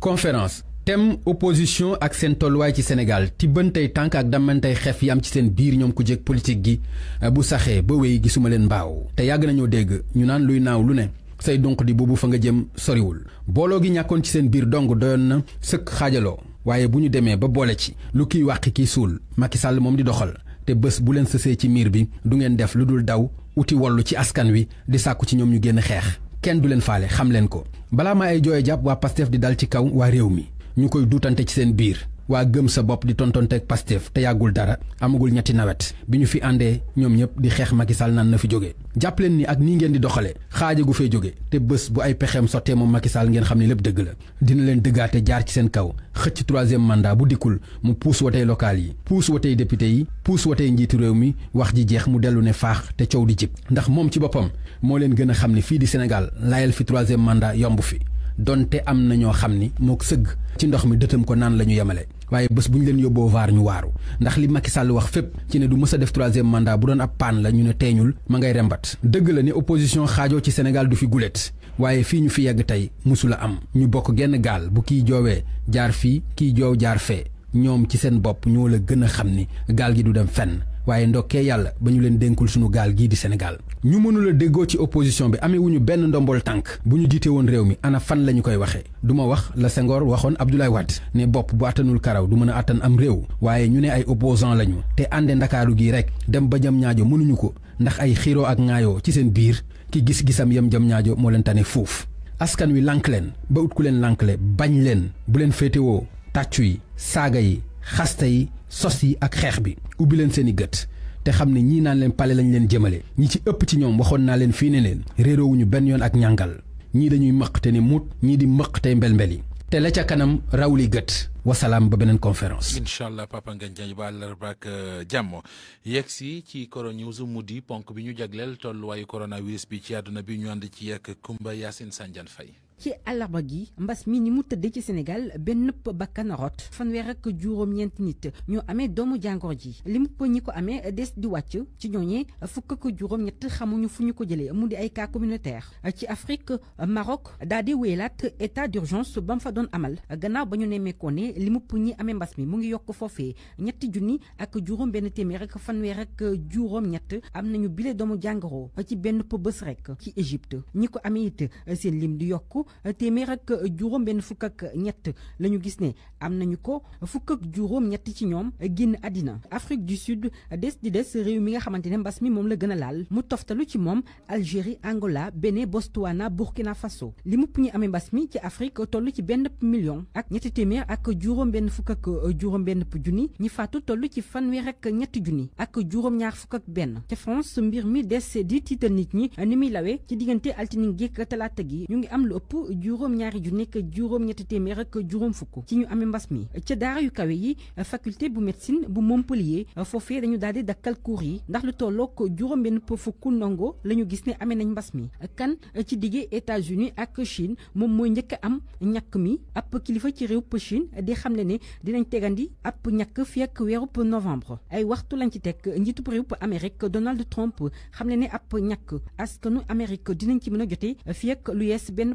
conférence thème opposition ak seen tolluwaay ci Sénégal ti bëntay tànk ak damantay xef yam ci seen biir ñoom ku jég politique gi eh, bu saxee ba wéy gisuma leen mbaaw te yàgg nañoo dégg ñu naan luy naaw lu ne say donc di boobu fa nga jëm soriwul booloo gi ñàkkoon ci seen biir dong doyoon na sëkk xaajaloo waaye bu ñu demee ba boole ci lu kiy wàqi kiy suul Macky Sall moom di doxal te bés bu leen sësee ci miir bi du ngeen def lu dul daw uti wollu ci askan wi di sàkku ci ñoom ñu génn xeex kenn du leen faale xam leen ko balaa ma ay jooye jàpp waa Pastef di dal ci kaw waa réew mi ñu koy duutante ci seen biir waa gëm sa bopp di tontonteeg Pastef te yàggul dara amagul ñetti nawet bi ñu fi àndee ñoom ñëpp di xeex Macky Sall naan na fi jóge jàpp leen ni ak nii ngeen di doxale gu fee jóge te bës bu ay pexeem sottee moom Macky Sall ngeen xam ne lépp dëgg la dina leen dëggaate jaar ci seen kaw xëcc troisième mandat bu dikkul mu puus watey local yi puus watey député yi puus watey njiitu réew mi wax ji jeex mu dellu ne faax te coow di jib ndax moom ci boppam moo leen gën a xam ne fii di Sénégal layal fi troisième mandat yomb fi donte am na ñoo xam ni mook sëgg ci ndox mi dëtam ko naan la ñu yemale waaye bés bu ñu leen yóbboo vaar ñu waaru ndax li Macky Sall wax fépp ci ne du mës a def troisième mandat bu doon ab paan la ñu ne teeñul ma ngay rembat dëgg la ne opposition xaajoo ci Sénégal du fi gulet waaye fii ñu fi yegg tey musula am ñu bokk genn gaal bu kiy joowee jaar fii kii joow jaar fee ñoom ci seen bopp ñoo la gën a xam ni gaal gi du dem fenn waaye ndokkee yàlla ba ñu leen dénkul suñu gaal gii di Sénégal ñu mënula déggoo ci opposition bi amee benn ndombool tànk bu ñu jiite woon réew mi ana fan la ñu koy waxee du ma wax la Senghor waxoon Abdoulaye Wade ne bopp bu attanul karaw du mën a attan am réew waaye ñu ne ay opposant lañu te ànde ndakaaru gii rek dem ba jam ñaajo mënuñu ko ndax ay xiiro ak ŋaayoo ci seen biir ki gis-gisam yam jam ñaajo moo leen tane foofu askan wi lànk leen ba ut leen lànkle bañ leen bu leen féetewoo tàccu yi saaga yi sos yi ak xeex bi ubbi leen seen i gët te xam ne ñii naan leen pale lañ leen jëmale ñi ci ëpp ci ñoom waxoon naa leen fii ne leen réeroowuñu benn yoon ak ñàngal ñii dañuy mëq te ni muut ñii di mëq tey mbel-mbel yi te la ca kanam raw li gët wasalaam ba beneen conférence. incha allah papa Ngagne Ndiaye ba àllarba ak euh, jàmm yegg si ci coronews mu di ponk bi ñu jagleel tolluwaayu coronavirus bi ci àdduna bi ñu ànd ci ak Kumba Yacine Sandiane fay ci àllarba gi mbas mi ni mu tëddee ci Sénégal benn bakkan rot fanweer ak ñent nit ñu amé doomu jangor ji limu ko des di wàcc ci ñooñee fukk ko juróom-ñett xamuñu fuñu ko ay communautaire ci Afrique Maroc dadi wélat état d'urgence Bamfadon fa amal gannaaw bañu ñu nemmeekoo ne li mu ñi amee mbas mi mu ngi yok fofé ñetti junni ak juróom benn téeméer ak fanweer ak bile doomu ci benn rek ci Égypte ñiko amé lim du téeméer ak Ben benn fukk ak ñett lañu gis né am nañu ko fukk ak ñett ci ñom génn adina Afrique du Sud des di des réew mi nga xamante mbass mi mom la gëna laal mu toftalu ci mom Algérie Angola benin Botswana Burkina Faso limu puñu amé mbass mi ci Afrique tollu ci benn million ak ñett téeméer ak juróom ben fukk ak juróom benn junni ñi faatu tollu ci fanweer rek ñett junni ak juróom ñaar fukk ak benn France mbir mi des di tiital ñi ni muy lawee ci digënté altine ak gi ñu ngi am lu ëpp jàpp juróom-ñaari ju nekk juróom-ñetti témèr ak juróom fuk ci ñu amé mbass mi ci daara yu kawé yi faculté bu médecine bu Montpellier fofé dañu daal di dakkal cours yi ndax lu tollook juróom benn fukk ndongo la ñu gis ne amé nañ mbass mi kan ci diggé États-Unis ak Chine mom moy njëkk am ñak mi ap kilifa ci réew Chine di xamné ne dinañ tegandi ap ñak fi ak wérup novembre ay waxtu lañ ci tek njiitub réew Amérique Donald Trump xamle ne ab ñàkk askanu Amérique dinañ ci mëna a fi ak l'US benn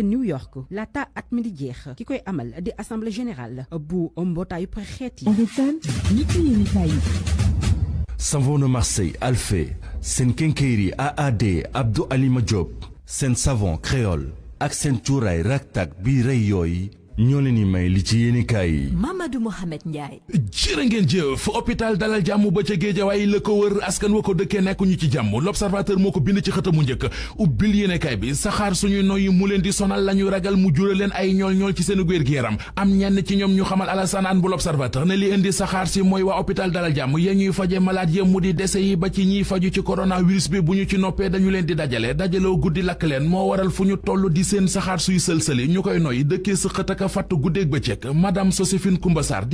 New York Lata at mi di ki koy amal di assemblée générale bu mbootaayu xeet yi. savon Marseille Alfé seen AAD Abdou Ali Majob, Sen savon créole Accenturai, raktak bi ñoo leen ni may li ci yéene kaay yi Mamadou Mohamed Ndiaye jërë ngeen jëf hôpital dalal jàmm ba ca géejawaay la ko wër askan wa ko dëkkee nekkuñu ñu ci jàmm l'observateur moo ko bind ci xët mu njëkk ubbil yéene kaay bi saxaar noy yi mu leen di sonal la ñu ragal mu jural leen ay ñool ñool ci seen wér gi yaram am ñenn ci ñoom ñu xamal Alassane Anne bu l'observateur ne li indi saxaar si mooy waa hôpital dalal jàmm ya ñuy faje malade ya mu di dese yi ba ci faju ci coronavirus bi bu ñu ci noppee dañu leen di dajale dajaloo guddi lakk leen moo waral fu ñu toll di seen saxaar suy sëlsëli ñu koy noyyi dëkkee sëqat ak daanaka fatt guddeeg bëccëg madame Joséphine Koumba Sarr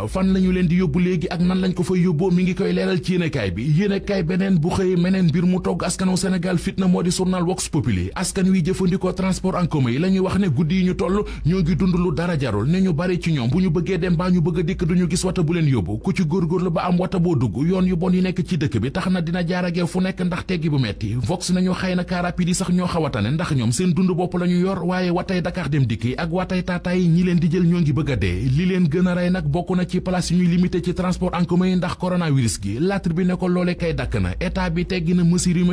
a fan lañu leen di yóbbu léegi ak nan lañ ko fay yóbboo mi ngi koy leeral ci yéenekaay bi yéenekaay beneen bu xëyee meneen mbir mu togg askanu Sénégal fitna moo di journal Vox Populi askan wi jëfandikoo transport en yi la wax ne guddi yi ñu toll ñoo ngi dund lu dara jarul ne ñu bari ci ñoom bu ñu bëggee dem baa ñu bëgg a dikk duñu gis wata bu leen yóbbu ku ci góorgóorlu ba am wata boo dugg yoon yu bon yi nekk ci dëkk bi tax na dina jaar fu nekk ndax teggi bu metti vox nañu xëy na car sax ñoo xaw ndax ñoom seen dund bopp la yor waaye watay Dakar dem dikk yi ak watay Tata ñi leen di jël ñoo ngi bëgg dee li leen gën rey nag bokk na ci place yi ñuy limité ci transport en yi ndax coronavirus gi laatr bi ne ko kay dakk na état bi teggi na mesure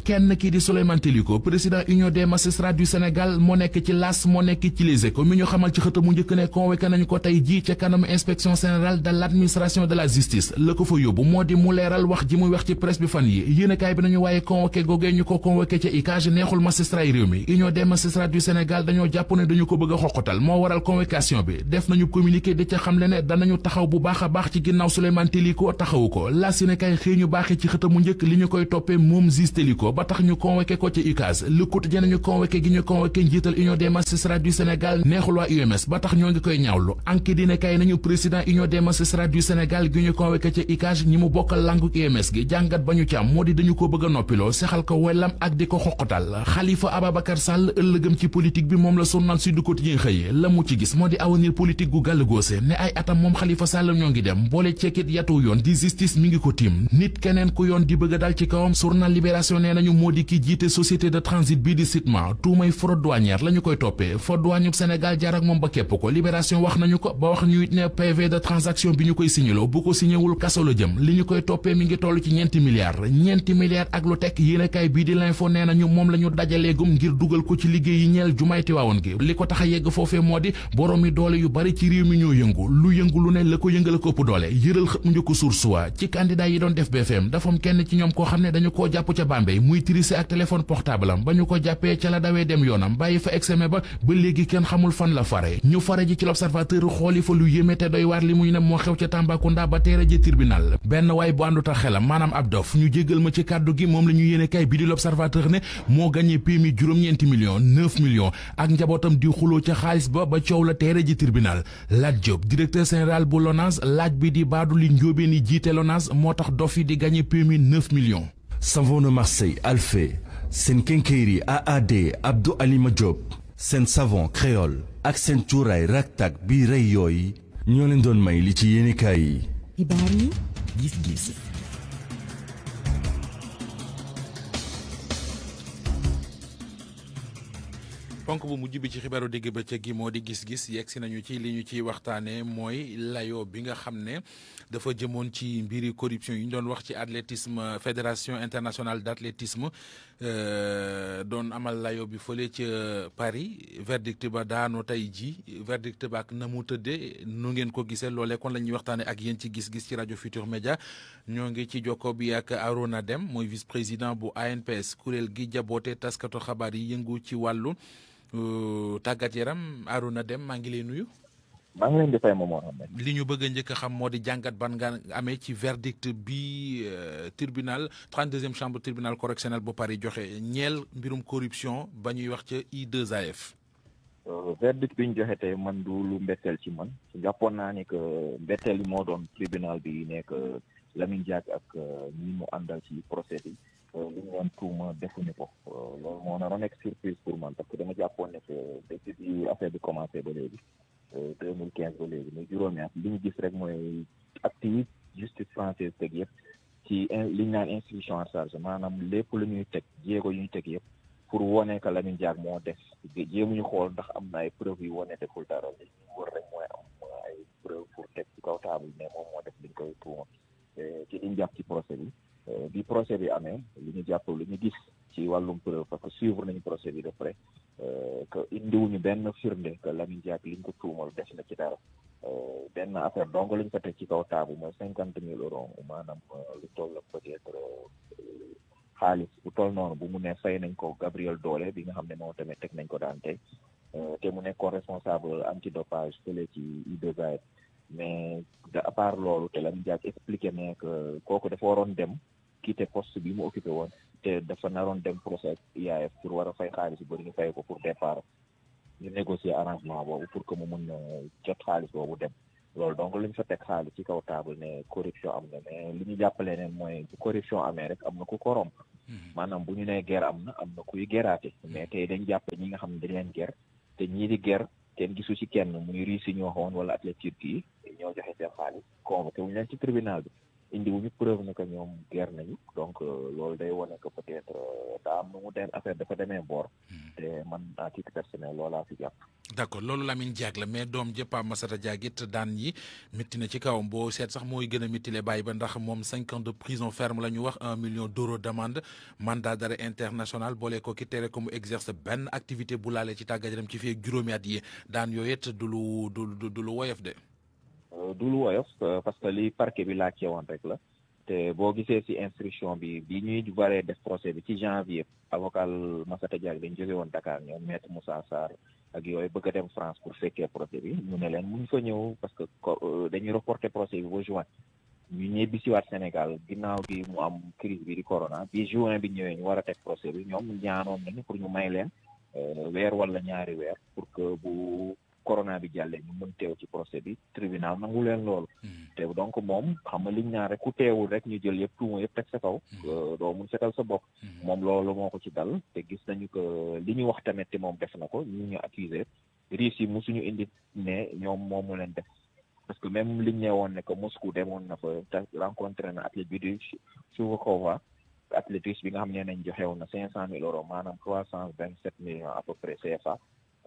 kenn kii di Souleymane Téliko président union des magistrats du Sénégal moo nekk ci las moo nekk ci les écoles mi ñu xamal ci xëtamu njëkk ne convoqué nañu ko tey jii ca kanamu inspection générale de l' de la justice la ko fa yóbbu moo di mu leeral wax ji muy wax ci presse bi fan yi yéenekaay bi nañu waaye convoqué googee ñu ko convoqué ca ICAJ neexul magistrat yi réew mi union des magistrats du Sénégal dañoo jàpp ne dañu ko bëgg a xoqatal moo waral convocation bi def nañu communiqué di ca xamle ne danañu taxaw baax a baax ci ginnaaw Souleymane Téliko taxawu ko las yéenekaay xëy ñu baaxee ci xëtamu njëkk li ñu koy toppee moom juge Téliko ko ba tax ñu convoqué ko ci UCAS Le Quotidien ñu convoqué gi ñu convoqué njiital Union des magistrats du Sénégal neexul waa UMS ba tax ñoo ngi koy ñaawlu anki dina kay nañu président Union des magistrats du Sénégal gi ñu convoqué ci UCAS ñi mu bokkal langu UMS gi jàngat ba ñu ci moo di dañu ko bëgg a noppiloo sexal ko wellam ak di ko xoqatal Khalifa Ababacar Sall ëllëgëm ci politique bi moom la journal Sud Quotidien xëye la mu ci gis moo di avenir a dal ci kawam journal Libération nee nañu moo di ki jiite société de transit bii di SITMA tuumay moom ba ko libération wax nañu ko ba wax ñu it ne PV de transaction bi ñu koy signaloo koy toppee mi ngi toll ci ñeenti milliards ñeenti milliards ak lu tekk yéenekaay bii di l'info nee nañu moom dajaleegum ngir dugal ko ci liggéey yi ñeel jumaay Tiwaawoon gi li ko tax a yegg foofee moo di borom mi doole yu bari ci réew mi ñoo yëngu lu yëngu lu ne la ko yëngal ko ëpp doole yëral xët mu njëkk suur suwa ci candidat yi doon def BFM dafa am kenn ci ñoom koo xam ne dañu koo jàpp ca Bambey muy tirise ak téléphone portable ba ñu ko jàppee ca la dawee dem yoonam bàyyi fa examen ba ba léegi kenn xamul fan la fare ñu fare ji ci l'observateur xooli fa lu yéeme te doy waar li muy ne moo xew ca Tambacounda ba teere ji tribunal benn waay bu ànduta xelam maanaam ab dof ñu jéggal ma ci kàddu gi moom la ñu yéene kay bi di l'observateur ne moo gagné pémi juróom-ñeenti millions neuf ak njabootam di xuloo ca xaalis ba ba coow la teere ji tribunal Lat Diop directeur général bu LONASE laaj bi di baadu li njóobeen yi jiite LONASE moo tax dof yi di gagné pémi neuf millions savon de Marseille seen kénkéeri AAD Abdou seen savon ak seen cuuraay raktak bii rey yooyu ñoo leen doon may li ci yéenekaay yi. ponk bu mujj bi ci xibaaru digg bëccëg gi moo di gis-gis yegg si nañu ci li ñu ciy waxtaanee mooy layoo bi nga xam ne. dafa jëmoon ci mbiri corruption yi ñu doon wax ci athlétisme fédération internationale d'athlétisme euh, doon amal layo bi fële ca Paris verdict ba daanu tey ji verdict ba ak na mu tëddee nu ngeen ko gisee loolee kon la ñuy waxtaanee ak yéen ci gis-gis ci rajo Futur Média ñoo ngi ci jokko bi ak Arona dem mooy vice président bu ANPS kuréel gi jaboote taskatu xabaar yi yëngu ci wàllu euh, tàggat yaram Arona dem maa ngi lay nuyu. maa ngi leen di moom moo xam li ñu bëgg a njëkk a xam moo di jàngat ban nga amee ci verdict bi euh, tribunal 32e chambre tribunal correctionnel bu Paris joxe ñeel mbirum corruption ba ñuy wax ca I2AF. Euh, verdict bi ñu joxe tey man du lu mbetteel ci man jàppoon naa ni que mbetteel yi moo doon tribunal bi nekk euh, Lamine Diack ak ñi mu àndal ci procès bi li ñu doon tuuma defuñu ko loolu moo naroon nekk surprise pour man parce que dama jàppoon ne que depuis bi affaire bi commencé ba léegi. deux mille quinze ba léegi muy juróomi at li ñu gis rek mooy activité justice française teg yëpp ci li ñu naan instruction en charge maanaam lépp lu ñuy teg jéego yu ñu teg yëpp pour wone que Lamine Diack moo def jéemuñu xool ndax am na ay preuve yu wone deful dara li wër rek mooy am ay preuve pour teg ci kaw table mais moom moo def liñ koy tuuma eh, ci liñ jàpp ci procès bi eh, bi procès bi amee li ñu jàpp li ñu gis ci wàllum preuve parce que suivre nañu procès bi de près euh, que ñu benn firnde que Lamine Diack liñ ko tuumal des na ci dara euh, benn affaire donc lañu ko teg ci kaw taabu mooy cinquante mille euros maanaam euh, lu toll la peut-être xaalis bu toll noonu bu mu nee fay nañ ko Gabriel Doole bi nga xam ne moom tamit teg nañ ko daan tey te mu nekkoon responsable antidopage fële ci IBGAS mais de à loolu te Lamine Diack expliqué ne que kooku dafa waroon dem kiite poste bi mu occupé woon te dafa naroon dem procès ak IAF pour war a fay xaalis bu ñu fay ko pour départ ñu négocier arrangement boobu pour que mu mun jot xaalis boobu dem loolu donc li ñu fa teg xaalis ci kaw table ne corruption am na mais li ñu jàppale ne mooy bu corruption amee rek am na ku korom mhm. maanaam bu ñu nee geer am na am na kuy geraate mhm. mais tey dañ jàpp ñi nga xam ne dañ leen guerre te ñii di guerre kenn gisu ci kenn muy Russie ñoo xawoon wala Atlantique yi ñoo joxe seen xaalis convoqué wuñu ci tribunal bi indiwuñu preuve ne que ñoom guerre nañu donc euh, loolu day wane que peut-être euh, daa am nu mu def affaire dafa demee boor. Hmm. te man à titre personnel loolaa fi jàpp. d'accord loolu Lamine Diack la mais doom jëppa Massata Diack it daan yi métti na ci kawam boo seet sax mooy gën a méttile bàyyi ba ndax moom cinq ans de prison ferme la ñu wax un million d'euros demande mandat d'arrêt international boole ko ki tere ko mu exerce benn activité bu laalee ci tàggat yaram ci fii ak juróomi at yi daan yooyu it du lu du du lu woyof de. du lu woyof parce que li parquet bi laajte woon rek la te boo gisee ci instruction bi bi ñuy waree def procès bi ci janvier avocat Massata Diack dañ jóge woon Dakar ñoom maître Moussa Sarr ak yooyu bëgg a dem France pour fekkee procès bi ñu ne leen muñ fa ñëw parce que dañuy reporter procès bi ba juin ñu ñibbi siwaat Sénégal ginnaaw bi mu am crise bi di corona bi juin bi ñëwee ñu war a teg procès bi ñoom ñaanoon nañu pour ñu may leen weer wala ñaari weer pour que bu corona bi jalle ñu mën teew ci procès bi tribunal nangu leen loolu hmm. teew donc moom xam nga liñ naa rek ku teewul rek ñu jël yëpp tuuma yëpp teg sa kaw hmm. euh, doo mun setal sa bopp hmm. moom loolu moo ko ci dal te gis nañu que li ñu wax tamit te moom def na ko ñu ñu accusé riis yi musuñu indi ne ñoom moomu leen def parce que même liñ ne woon ne que Moscou demoon na fa rencontré na athlète bi di Suvakova atlétisme bi nga xam ne nañ joxewoon na cinq cent mille euros maanaam trois cent vingt sept millions à peu près CFA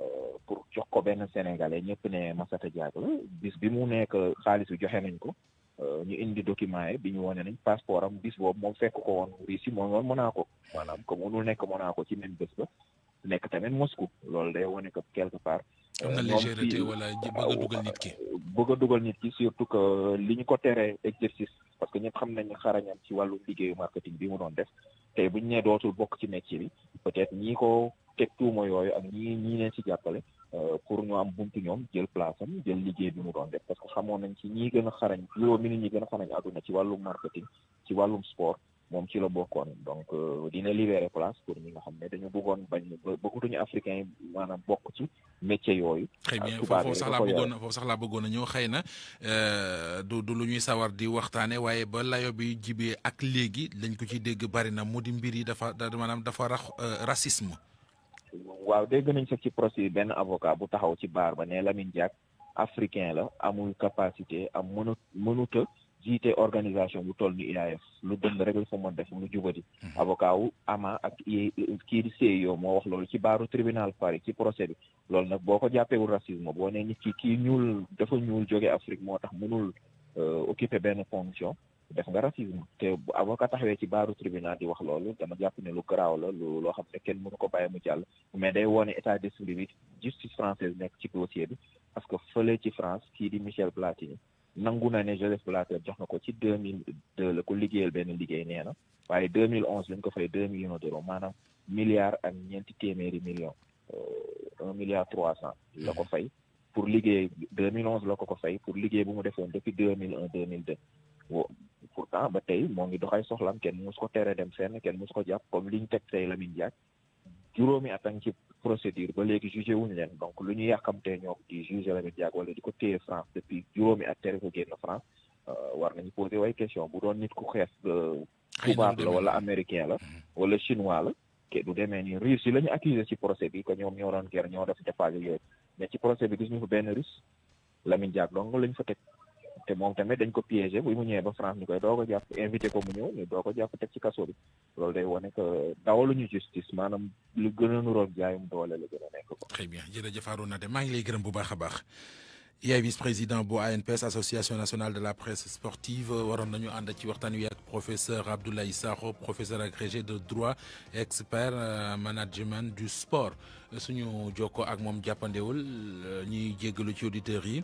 Euh, pour jox ko benn sénégalais ñëpp ne Massata Diagne la bis bi mu nekk xaalis bi joxe nañ ko euh, ñu indi document yi bi ñu wane nañ passeport am bis boobu moom fekk ko woon Russie mooy woon ko maanaam que mënul nekk ko ci même bés ba nekk tamit Moscou loolu day wane que quelque part. am na euh, légèreté wala bëgg a dugal nit ki. bëgg a dugal nit surtout que li ñu ko teree exercice parce que ñëpp xam nañ xarañam ci wàllu liggéeyu marketing bi mu doon def te buñ ñu dootul bokk ci métier bi. peut être ñii ko teg tuuma yooyu ak ñii ñii leen ci jàppale euh, pour ñu am buntu ñoom jël place am jël liggéey bi mu doon def parce que xamoon nañ ci ñii gën a xarañ juróomi nit ñi gën a xarañ àdduna ci wàllum marketing ci wàllum sport moom ci la bokkoon donc euh, dina libérer place pour ñi nga xam ne dañu bëggoon bañ bëggutuñu africain yi maanaam bokk ci métier yooyu. xëy bien euh, foofu sax laa bëggoon a foofu sax laa bëggoon ñëw xëy na euh, du du lu ñuy sawar di waxtaane waaye ba layo bi jibee ak léegi lañ ko ci dégg bari na mu di mbir yi dafa maanaam dafa rax euh, racisme. waaw dégg nañ sax ci procès benn avocat bu taxaw ci baar ba ne Lamine jaag africain la amul capacité am mënut mënuta jiite organisation bu toll ni IAAF lu gën rek la fa mën def lu jubati mhm. avocat wu ama ak kii di CIO e moo wax loolu ci baaru tribunal Paris ci procès bi loolu nag boo ko jàppeewul racisme boo nee nit ki kii ñuul dafa ñuul jóge Afrique moo tax mënul euh, occuper benn fonction def nga racisme te bu tax taxawee ci baaru tribunal di wax loolu dama jàpp ne lu garaaw la lu loo xam ne kenn mënu ko bàyyi mu jàll mais day wone état d'esprit bi justice française nekk ci dossier bi parce que fële ci France kii di Michel Platini nangu na ne jeunesse bu la jox na ko ci deux mille deux la ko liggéeyal benn liggéey nee na waaye deux mille onze lañ ko fay deux millions d'euros maanaam milliard ak ñeenti téeméeri millions euh, un milliard trois cent la ko fay pour liggéey deux mille onze la ko ko fay pour liggéey bu mu defoon depuis deux mille un deux mille deux wo pourtant ba tey moo ngi doxay soxlam kenn mosu ko tere dem fenn kenn mosu ko jàpp comme liñ teg tey Lamine Diack juróomi at a ngi ci procédure ba léegi jugé wuñ leen donc lu ñu yàkkamtee ñoo di jugé Lamine Diack wala di ko téye France depuis juróomi at tere ko génn France euh, war nañu posé way question bu doon nit ku xees euh, tubaab la wala américain la mm-hmm. wala chinois la ke du demee nii russe yi la ñu accusé ci procès bi que ñoom ñoo doon guerre ñoo def jafaage yooyu mais ci procès bi gis ñu fa benn russe Lamine Diack donc lañ fa teg te moom tamit dañ ko piégé buy mu ñëwee ba France ñu koy doo ko jàpp invité ko mu ñëw ñu doo ko jàpp teg ci kaso bi loolu day wane que dawaluñu justice maanaam lu gën a nuroog jaayum doole la gën a nekk ko. très bien jërëjëf Arouna Deme maa ngi lay gërëm bu baax a baax. yaay vice-président bu ANPS association nationale de la presse sportive waroon nañu ànd ci waxtaan wi ak professeur Abdoulaye Sakho professeur agrégé de droit expert euh, management du sport suñu jokkoo ak moom jàppandewul euh, ñuy jéggalu ci auditeurs yi.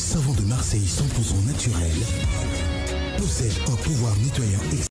savants de Marseille 100% naturel possède un pouvoir nettoyant